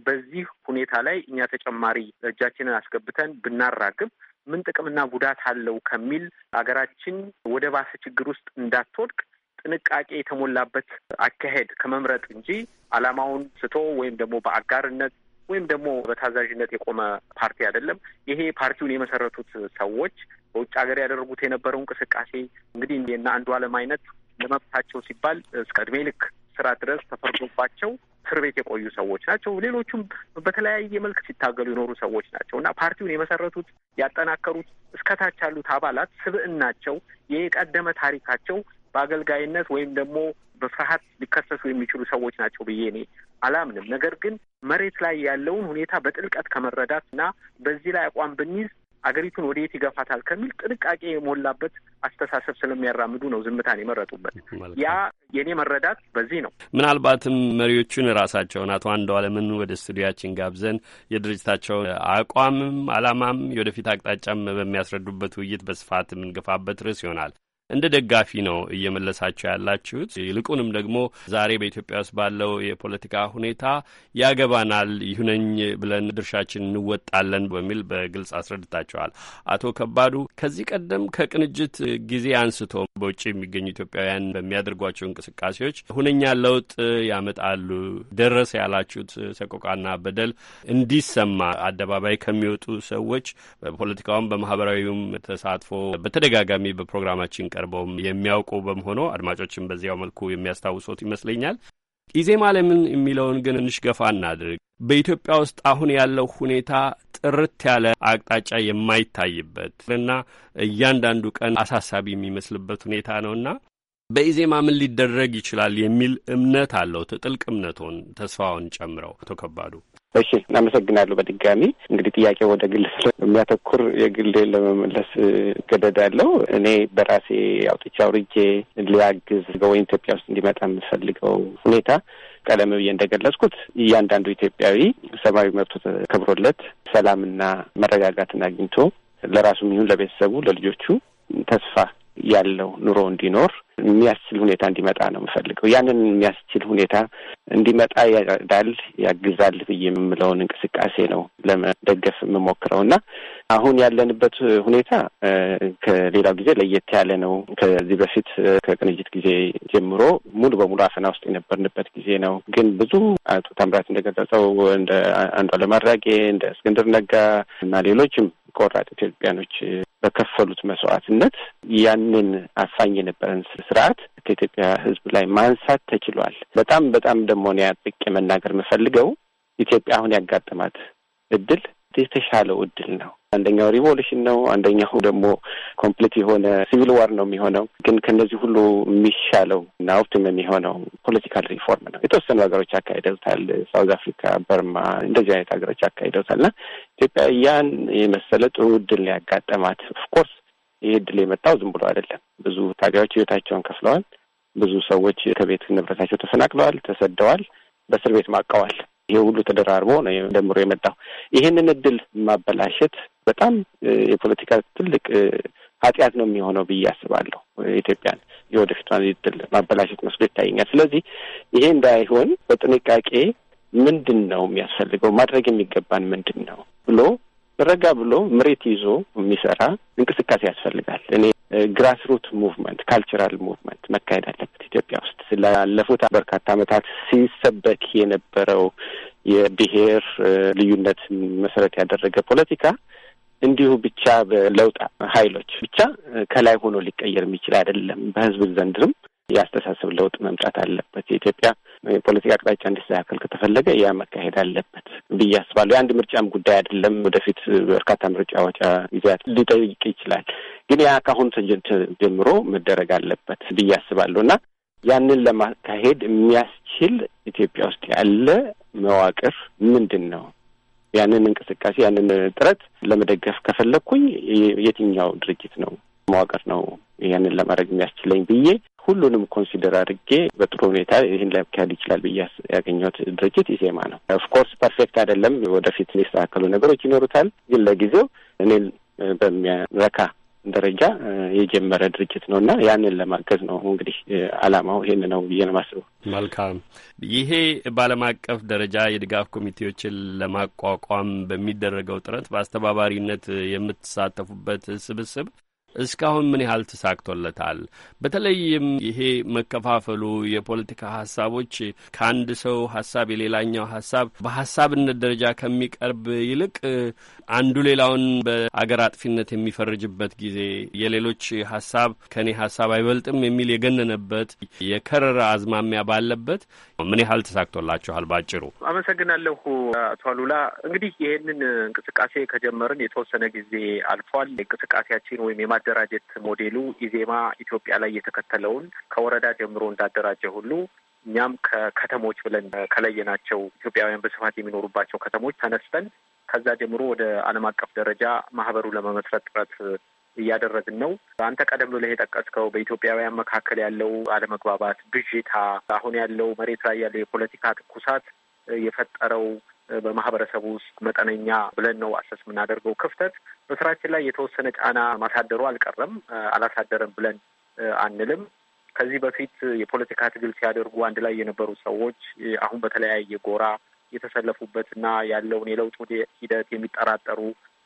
በዚህ ሁኔታ ላይ እኛ ተጨማሪ እጃችንን አስገብተን ብናራግብ ምን ጥቅምና ጉዳት አለው ከሚል አገራችን ወደ ባሰ ችግር ውስጥ እንዳትወድቅ ጥንቃቄ የተሞላበት አካሄድ ከመምረጥ እንጂ ዓላማውን ስቶ ወይም ደግሞ በአጋርነት ወይም ደግሞ በታዛዥነት የቆመ ፓርቲ አይደለም። ይሄ ፓርቲውን የመሰረቱት ሰዎች በውጭ ሀገር ያደረጉት የነበረው እንቅስቃሴ እንግዲህ እና አንዱ አለም አይነት ለመብታቸው ሲባል እስከ እድሜ ልክ ስራ ድረስ ተፈርዶባቸው እስር ቤት የቆዩ ሰዎች ናቸው። ሌሎቹም በተለያየ መልክ ሲታገሉ የኖሩ ሰዎች ናቸው እና ፓርቲውን የመሰረቱት ያጠናከሩት እስከታች ያሉት አባላት ስብዕናቸው፣ የቀደመ ታሪካቸው በአገልጋይነት ወይም ደግሞ በፍርሀት ሊከሰሱ የሚችሉ ሰዎች ናቸው ብዬ እኔ አላምንም። ነገር ግን መሬት ላይ ያለውን ሁኔታ በጥልቀት ከመረዳት እና በዚህ ላይ አቋም ብንይዝ አገሪቱን ወደየት ይገፋታል ከሚል ጥንቃቄ የሞላበት አስተሳሰብ ስለሚያራምዱ ነው ዝምታን የመረጡበት። ያ የኔ መረዳት በዚህ ነው።
ምናልባትም መሪዎቹን ራሳቸውን አቶ አንዱዓለምን ወደ ስቱዲያችን ጋብዘን የድርጅታቸውን አቋምም አላማም የወደፊት አቅጣጫም በሚያስረዱበት ውይይት በስፋት የምንገፋበት ርዕስ ይሆናል። እንደ ደጋፊ ነው እየመለሳቸው ያላችሁት። ይልቁንም ደግሞ ዛሬ በኢትዮጵያ ውስጥ ባለው የፖለቲካ ሁኔታ ያገባናል፣ ይሁነኝ ብለን ድርሻችን እንወጣለን በሚል በግልጽ አስረድታቸዋል። አቶ ከባዱ ከዚህ ቀደም ከቅንጅት ጊዜ አንስቶ በውጭ የሚገኙ ኢትዮጵያውያን በሚያደርጓቸው እንቅስቃሴዎች ሁነኛ ለውጥ ያመጣሉ፣ ደረሰ ያላችሁት ሰቆቃና በደል እንዲሰማ አደባባይ ከሚወጡ ሰዎች በፖለቲካውም በማህበራዊውም ተሳትፎ በተደጋጋሚ በፕሮግራማችን ቀርበውም የሚያውቁ በመሆኑ አድማጮችም በዚያው መልኩ የሚያስታውሱት ይመስለኛል። ኢዜማ ለምን የሚለውን ግን እንሽ ገፋ እናድርግ። በኢትዮጵያ ውስጥ አሁን ያለው ሁኔታ ጥርት ያለ አቅጣጫ የማይታይበት እና እያንዳንዱ ቀን አሳሳቢ የሚመስልበት ሁኔታ ነውና በኢዜማ ምን ሊደረግ ይችላል የሚል እምነት አለው። ጥልቅ እምነቶን ተስፋውን ጨምረው አቶ ከባዱ
እሺ፣ እናመሰግናለሁ። በድጋሚ እንግዲህ ጥያቄ ወደ ግል ስለሚያተኩር የግል ለመመለስ እገደዳለሁ። እኔ በራሴ አውጥቼ አውርጄ ሊያግዝ ወይም ኢትዮጵያ ውስጥ እንዲመጣ የምፈልገው ሁኔታ ቀደም ብዬ እንደገለጽኩት እያንዳንዱ ኢትዮጵያዊ ሰብአዊ መብቱ ተከብሮለት ሰላምና መረጋጋትን አግኝቶ ለራሱም ይሁን ለቤተሰቡ፣ ለልጆቹ ተስፋ ያለው ኑሮ እንዲኖር የሚያስችል ሁኔታ እንዲመጣ ነው የምፈልገው። ያንን የሚያስችል ሁኔታ እንዲመጣ ያዳል ያግዛል ብዬ የምለውን እንቅስቃሴ ነው ለመደገፍ የምሞክረው እና አሁን ያለንበት ሁኔታ ከሌላው ጊዜ ለየት ያለ ነው። ከዚህ በፊት ከቅንጅት ጊዜ ጀምሮ ሙሉ በሙሉ አፈና ውስጥ የነበርንበት ጊዜ ነው። ግን ብዙ አቶ ታምራት እንደገለጸው እንደ አንዷለም አራጌ፣ እንደ እስክንድር ነጋ እና ሌሎችም ቆራጥ ኢትዮጵያኖች በከፈሉት መስዋዕትነት ያንን አፋኝ የነበረን ስርዓት ከኢትዮጵያ ሕዝብ ላይ ማንሳት ተችሏል። በጣም በጣም ደግሞ እኔ አጥብቄ መናገር የምፈልገው ኢትዮጵያ አሁን ያጋጠማት እድል የተሻለው እድል ነው። አንደኛው ሪቮሉሽን ነው። አንደኛው ደግሞ ኮምፕሊት የሆነ ሲቪል ዋር ነው የሚሆነው። ግን ከነዚህ ሁሉ የሚሻለው እና ኦፕቲም የሚሆነው ፖለቲካል ሪፎርም ነው። የተወሰኑ ሀገሮች አካሂደውታል። ሳውዝ አፍሪካ፣ በርማ እንደዚህ አይነት ሀገሮች አካሂደውታል እና ኢትዮጵያ ያን የመሰለ ጥሩ እድል ያጋጠማት። ኦፍኮርስ ይህ እድል የመጣው ዝም ብሎ አይደለም። ብዙ ታጋዮች ህይወታቸውን ከፍለዋል። ብዙ ሰዎች ከቤት ንብረታቸው ተፈናቅለዋል፣ ተሰደዋል፣ በእስር ቤት ማቀዋል። ይሄ ሁሉ ተደራርቦ ነው ደምሮ የመጣው። ይህንን እድል ማበላሸት በጣም የፖለቲካ ትልቅ ኃጢአት ነው የሚሆነው ብዬ አስባለሁ። ኢትዮጵያን የወደፊቷን እድል ማበላሸት መስሎ ይታየኛል። ስለዚህ ይሄ እንዳይሆን በጥንቃቄ ምንድን ነው የሚያስፈልገው ማድረግ የሚገባን ምንድን ነው ብሎ ረጋ ብሎ መሬት ይዞ የሚሰራ እንቅስቃሴ ያስፈልጋል። እኔ ግራስሩት ሙቭመንት ካልቸራል ሙቭመንት መካሄድ አለበት። ኢትዮጵያ ውስጥ ስላለፉት በርካታ ዓመታት ሲሰበክ የነበረው የብሔር ልዩነት መሰረት ያደረገ ፖለቲካ እንዲሁ ብቻ በለውጥ ኃይሎች ብቻ ከላይ ሆኖ ሊቀየር የሚችል አይደለም። በህዝብ ዘንድም የአስተሳሰብ ለውጥ መምጣት አለበት። የኢትዮጵያ የፖለቲካ አቅጣጫ እንዲስተካከል ከተፈለገ ያ መካሄድ አለበት ብዬ አስባለሁ። የአንድ ምርጫም ጉዳይ አይደለም። ወደፊት በርካታ ምርጫዎች ጊዜያት ሊጠይቅ ይችላል። ግን ያ ከአሁኑ ጀምሮ መደረግ አለበት ብዬ አስባለሁ እና ያንን ለማካሄድ የሚያስችል ኢትዮጵያ ውስጥ ያለ መዋቅር ምንድን ነው? ያንን እንቅስቃሴ ያንን ጥረት ለመደገፍ ከፈለግኩኝ የትኛው ድርጅት ነው መዋቅር ነው ይሄንን ለማድረግ የሚያስችለኝ ብዬ ሁሉንም ኮንሲደር አድርጌ በጥሩ ሁኔታ ይህን ሊያካሄድ ይችላል ብዬ ያገኘሁት ድርጅት ኢዜማ ነው። ኦፍኮርስ ፐርፌክት አይደለም፣ ወደፊት ሊስተካከሉ ነገሮች ይኖሩታል። ግን ለጊዜው እኔን በሚያረካ ደረጃ የጀመረ ድርጅት ነው እና ያንን ለማገዝ ነው እንግዲህ አላማው ይህን ነው ብዬ ነው
መልካም። ይሄ በዓለም አቀፍ ደረጃ የድጋፍ ኮሚቴዎችን ለማቋቋም በሚደረገው ጥረት በአስተባባሪነት የምትሳተፉበት ስብስብ እስካሁን ምን ያህል ተሳክቶለታል? በተለይም ይሄ መከፋፈሉ የፖለቲካ ሀሳቦች ከአንድ ሰው ሀሳብ የሌላኛው ሀሳብ በሀሳብነት ደረጃ ከሚቀርብ ይልቅ አንዱ ሌላውን በአገር አጥፊነት የሚፈርጅበት ጊዜ፣ የሌሎች ሀሳብ ከእኔ ሀሳብ አይበልጥም የሚል የገነነበት የከረረ አዝማሚያ ባለበት ምን ያህል ተሳክቶላችኋል? ባጭሩ
አመሰግናለሁ አቶ አሉላ። እንግዲህ ይህንን እንቅስቃሴ ከጀመርን የተወሰነ ጊዜ አልፏል። እንቅስቃሴያችን ወይም የማደራጀት ሞዴሉ ኢዜማ ኢትዮጵያ ላይ የተከተለውን ከወረዳ ጀምሮ እንዳደራጀ ሁሉ እኛም ከከተሞች ብለን ከለየናቸው ኢትዮጵያውያን በስፋት የሚኖሩባቸው ከተሞች ተነስተን ከዛ ጀምሮ ወደ ዓለም አቀፍ ደረጃ ማህበሩ ለመመስረት ጥረት እያደረግን ነው። አንተ ቀደም ብለህ የጠቀስከው በኢትዮጵያውያን መካከል ያለው አለመግባባት፣ ብዥታ፣ አሁን ያለው መሬት ላይ ያለው የፖለቲካ ትኩሳት የፈጠረው በማህበረሰቡ ውስጥ መጠነኛ ብለን ነው አሰስ የምናደርገው። ክፍተት በስራችን ላይ የተወሰነ ጫና ማሳደሩ አልቀረም አላሳደረም ብለን አንልም። ከዚህ በፊት የፖለቲካ ትግል ሲያደርጉ አንድ ላይ የነበሩ ሰዎች አሁን በተለያየ ጎራ የተሰለፉበትና ያለውን የለውጥ ሂደት የሚጠራጠሩ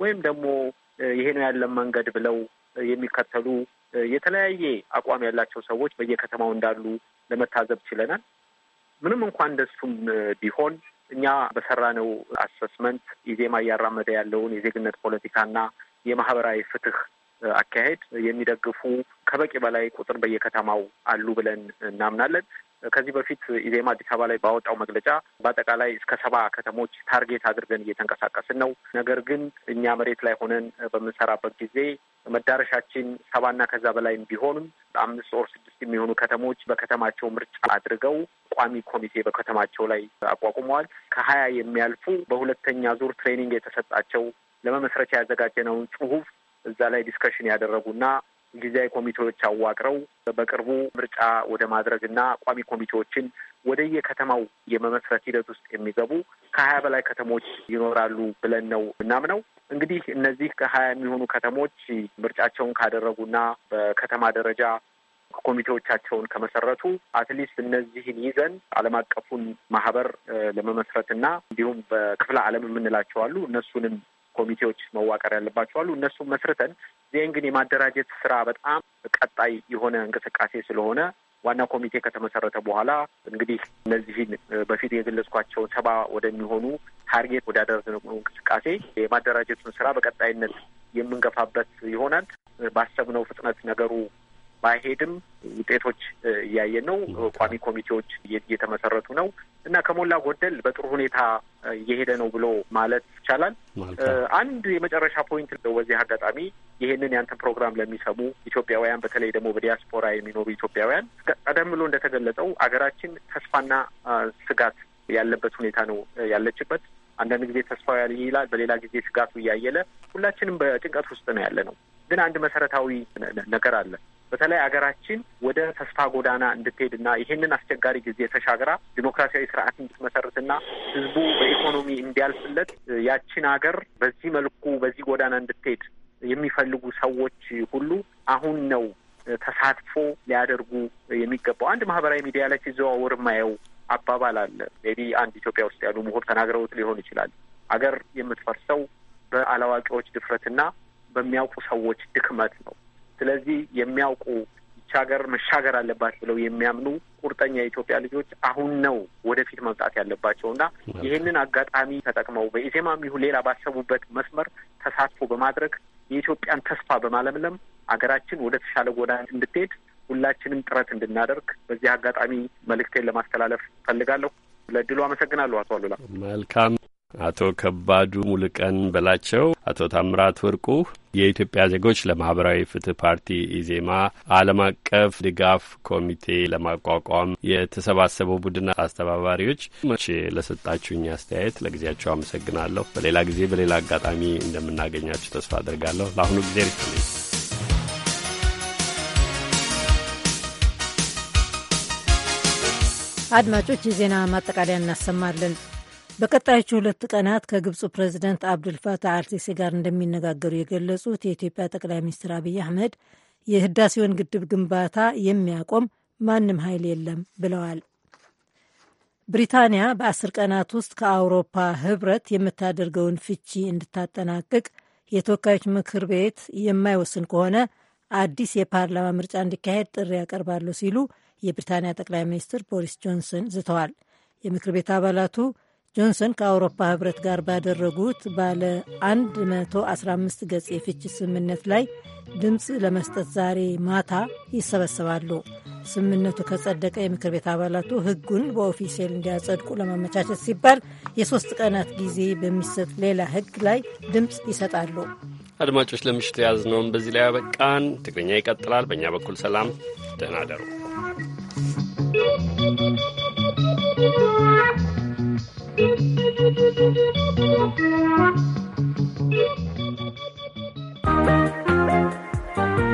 ወይም ደግሞ ይሄ ነው ያለን መንገድ ብለው የሚከተሉ የተለያየ አቋም ያላቸው ሰዎች በየከተማው እንዳሉ ለመታዘብ ችለናል። ምንም እንኳን እንደሱም ቢሆን እኛ በሰራነው አሰስመንት ኢዜማ እያራመደ ያለውን የዜግነት ፖለቲካና የማህበራዊ ፍትህ አካሄድ የሚደግፉ ከበቂ በላይ ቁጥር በየከተማው አሉ ብለን እናምናለን። ከዚህ በፊት ኢዜማ አዲስ አበባ ላይ ባወጣው መግለጫ በአጠቃላይ እስከ ሰባ ከተሞች ታርጌት አድርገን እየተንቀሳቀስን ነው። ነገር ግን እኛ መሬት ላይ ሆነን በምንሰራበት ጊዜ መዳረሻችን ሰባና ከዛ በላይም ቢሆንም አምስት ኦር ስድስት የሚሆኑ ከተሞች በከተማቸው ምርጫ አድርገው ቋሚ ኮሚቴ በከተማቸው ላይ አቋቁመዋል። ከሀያ የሚያልፉ በሁለተኛ ዙር ትሬኒንግ የተሰጣቸው ለመመስረቻ ያዘጋጀነውን ጽሁፍ እዛ ላይ ዲስከሽን ያደረጉና ጊዜያዊ ኮሚቴዎች አዋቅረው በቅርቡ ምርጫ ወደ ማድረግ ቋሚ ኮሚቴዎችን ወደ የከተማው የመመስረት ሂደት ውስጥ የሚገቡ ከሀያ በላይ ከተሞች ይኖራሉ ብለን ነው እናምነው። እንግዲህ እነዚህ ከሀያ የሚሆኑ ከተሞች ምርጫቸውን ካደረጉና በከተማ ደረጃ ኮሚቴዎቻቸውን ከመሰረቱ አትሊስት እነዚህን ይዘን ዓለም አቀፉን ማህበር ለመመስረትና እንዲሁም በክፍለ ዓለም የምንላቸው አሉ እነሱንም ኮሚቴዎች መዋቀር ያለባቸው አሉ። እነሱም መስርተን ዜንግን የማደራጀት ስራ በጣም ቀጣይ የሆነ እንቅስቃሴ ስለሆነ ዋና ኮሚቴ ከተመሰረተ በኋላ እንግዲህ እነዚህን በፊት የገለጽኳቸውን ሰባ ወደሚሆኑ ታርጌት ወዳደረግነው እንቅስቃሴ የማደራጀቱን ስራ በቀጣይነት የምንገፋበት ይሆናል። ባሰብነው ፍጥነት ነገሩ ባይሄድም ውጤቶች እያየን ነው። ቋሚ ኮሚቴዎች እየተመሰረቱ ነው። እና ከሞላ ጎደል በጥሩ ሁኔታ እየሄደ ነው ብሎ ማለት ይቻላል። አንድ የመጨረሻ ፖይንት በዚህ አጋጣሚ ይሄንን ያንተ ፕሮግራም ለሚሰሙ ኢትዮጵያውያን፣ በተለይ ደግሞ በዲያስፖራ የሚኖሩ ኢትዮጵያውያን ቀደም ብሎ እንደተገለጸው አገራችን ተስፋና ስጋት ያለበት ሁኔታ ነው ያለችበት። አንዳንድ ጊዜ ተስፋ ይላል፣ በሌላ ጊዜ ስጋቱ እያየለ፣ ሁላችንም በጭንቀት ውስጥ ነው ያለ ነው። ግን አንድ መሰረታዊ ነገር አለ። በተለይ ሀገራችን ወደ ተስፋ ጎዳና እንድትሄድና ይሄንን አስቸጋሪ ጊዜ ተሻግራ ዲሞክራሲያዊ ስርዓት እንድትመሰርትና ህዝቡ በኢኮኖሚ እንዲያልፍለት ያችን ሀገር በዚህ መልኩ በዚህ ጎዳና እንድትሄድ የሚፈልጉ ሰዎች ሁሉ አሁን ነው ተሳትፎ ሊያደርጉ የሚገባው። አንድ ማህበራዊ ሚዲያ ላይ ሲዘዋወር የማየው አባባል አለ። ሜቢ አንድ ኢትዮጵያ ውስጥ ያሉ ምሁር ተናግረውት ሊሆን ይችላል። አገር የምትፈርሰው በአላዋቂዎች ድፍረትና በሚያውቁ ሰዎች ድክመት ነው። ስለዚህ የሚያውቁ ሀገር መሻገር አለባት ብለው የሚያምኑ ቁርጠኛ የኢትዮጵያ ልጆች አሁን ነው ወደፊት መምጣት ያለባቸው እና ይህንን አጋጣሚ ተጠቅመው በኢዜማም ይሁን ሌላ ባሰቡበት መስመር ተሳትፎ በማድረግ የኢትዮጵያን ተስፋ በማለምለም አገራችን ወደ ተሻለ ጎዳ እንድትሄድ ሁላችንም ጥረት እንድናደርግ በዚህ አጋጣሚ መልእክቴን ለማስተላለፍ ፈልጋለሁ። ለድሉ አመሰግናለሁ። አቶ አሉላ
መልካም አቶ ከባዱ ሙልቀን በላቸው፣ አቶ ታምራት ወርቁ የኢትዮጵያ ዜጎች ለማህበራዊ ፍትህ ፓርቲ ኢዜማ ዓለም አቀፍ ድጋፍ ኮሚቴ ለማቋቋም የተሰባሰበው ቡድን አስተባባሪዎች መች ለሰጣችሁኝ አስተያየት ለጊዜያቸው አመሰግናለሁ። በሌላ ጊዜ በሌላ አጋጣሚ እንደምናገኛችሁ ተስፋ አድርጋለሁ። ለአሁኑ ጊዜ ርስትልኝ
አድማጮች የዜና ማጠቃለያ እናሰማለን። በቀጣዮቹ ሁለት ቀናት ከግብፁ ፕሬዚደንት አብዱልፋታህ አልሲሲ ጋር እንደሚነጋገሩ የገለጹት የኢትዮጵያ ጠቅላይ ሚኒስትር አብይ አህመድ የህዳሴውን ግድብ ግንባታ የሚያቆም ማንም ኃይል የለም ብለዋል። ብሪታንያ በአስር ቀናት ውስጥ ከአውሮፓ ህብረት የምታደርገውን ፍቺ እንድታጠናቅቅ የተወካዮች ምክር ቤት የማይወስን ከሆነ አዲስ የፓርላማ ምርጫ እንዲካሄድ ጥሪ ያቀርባሉ ሲሉ የብሪታንያ ጠቅላይ ሚኒስትር ቦሪስ ጆንሰን ዝተዋል። የምክር ቤት አባላቱ ጆንሰን ከአውሮፓ ህብረት ጋር ባደረጉት ባለ 115 ገጽ የፍች ስምምነት ላይ ድምፅ ለመስጠት ዛሬ ማታ ይሰበሰባሉ። ስምምነቱ ከጸደቀ የምክር ቤት አባላቱ ህጉን በኦፊሴል እንዲያጸድቁ ለማመቻቸት ሲባል የሶስት ቀናት ጊዜ በሚሰጥ ሌላ ህግ ላይ ድምፅ ይሰጣሉ።
አድማጮች፣ ለምሽቱ የያዝነውን በዚህ ላይ ያበቃን። ትግርኛ ይቀጥላል። በእኛ በኩል ሰላም፣ ደህና ደሩ።
Thank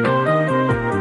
you.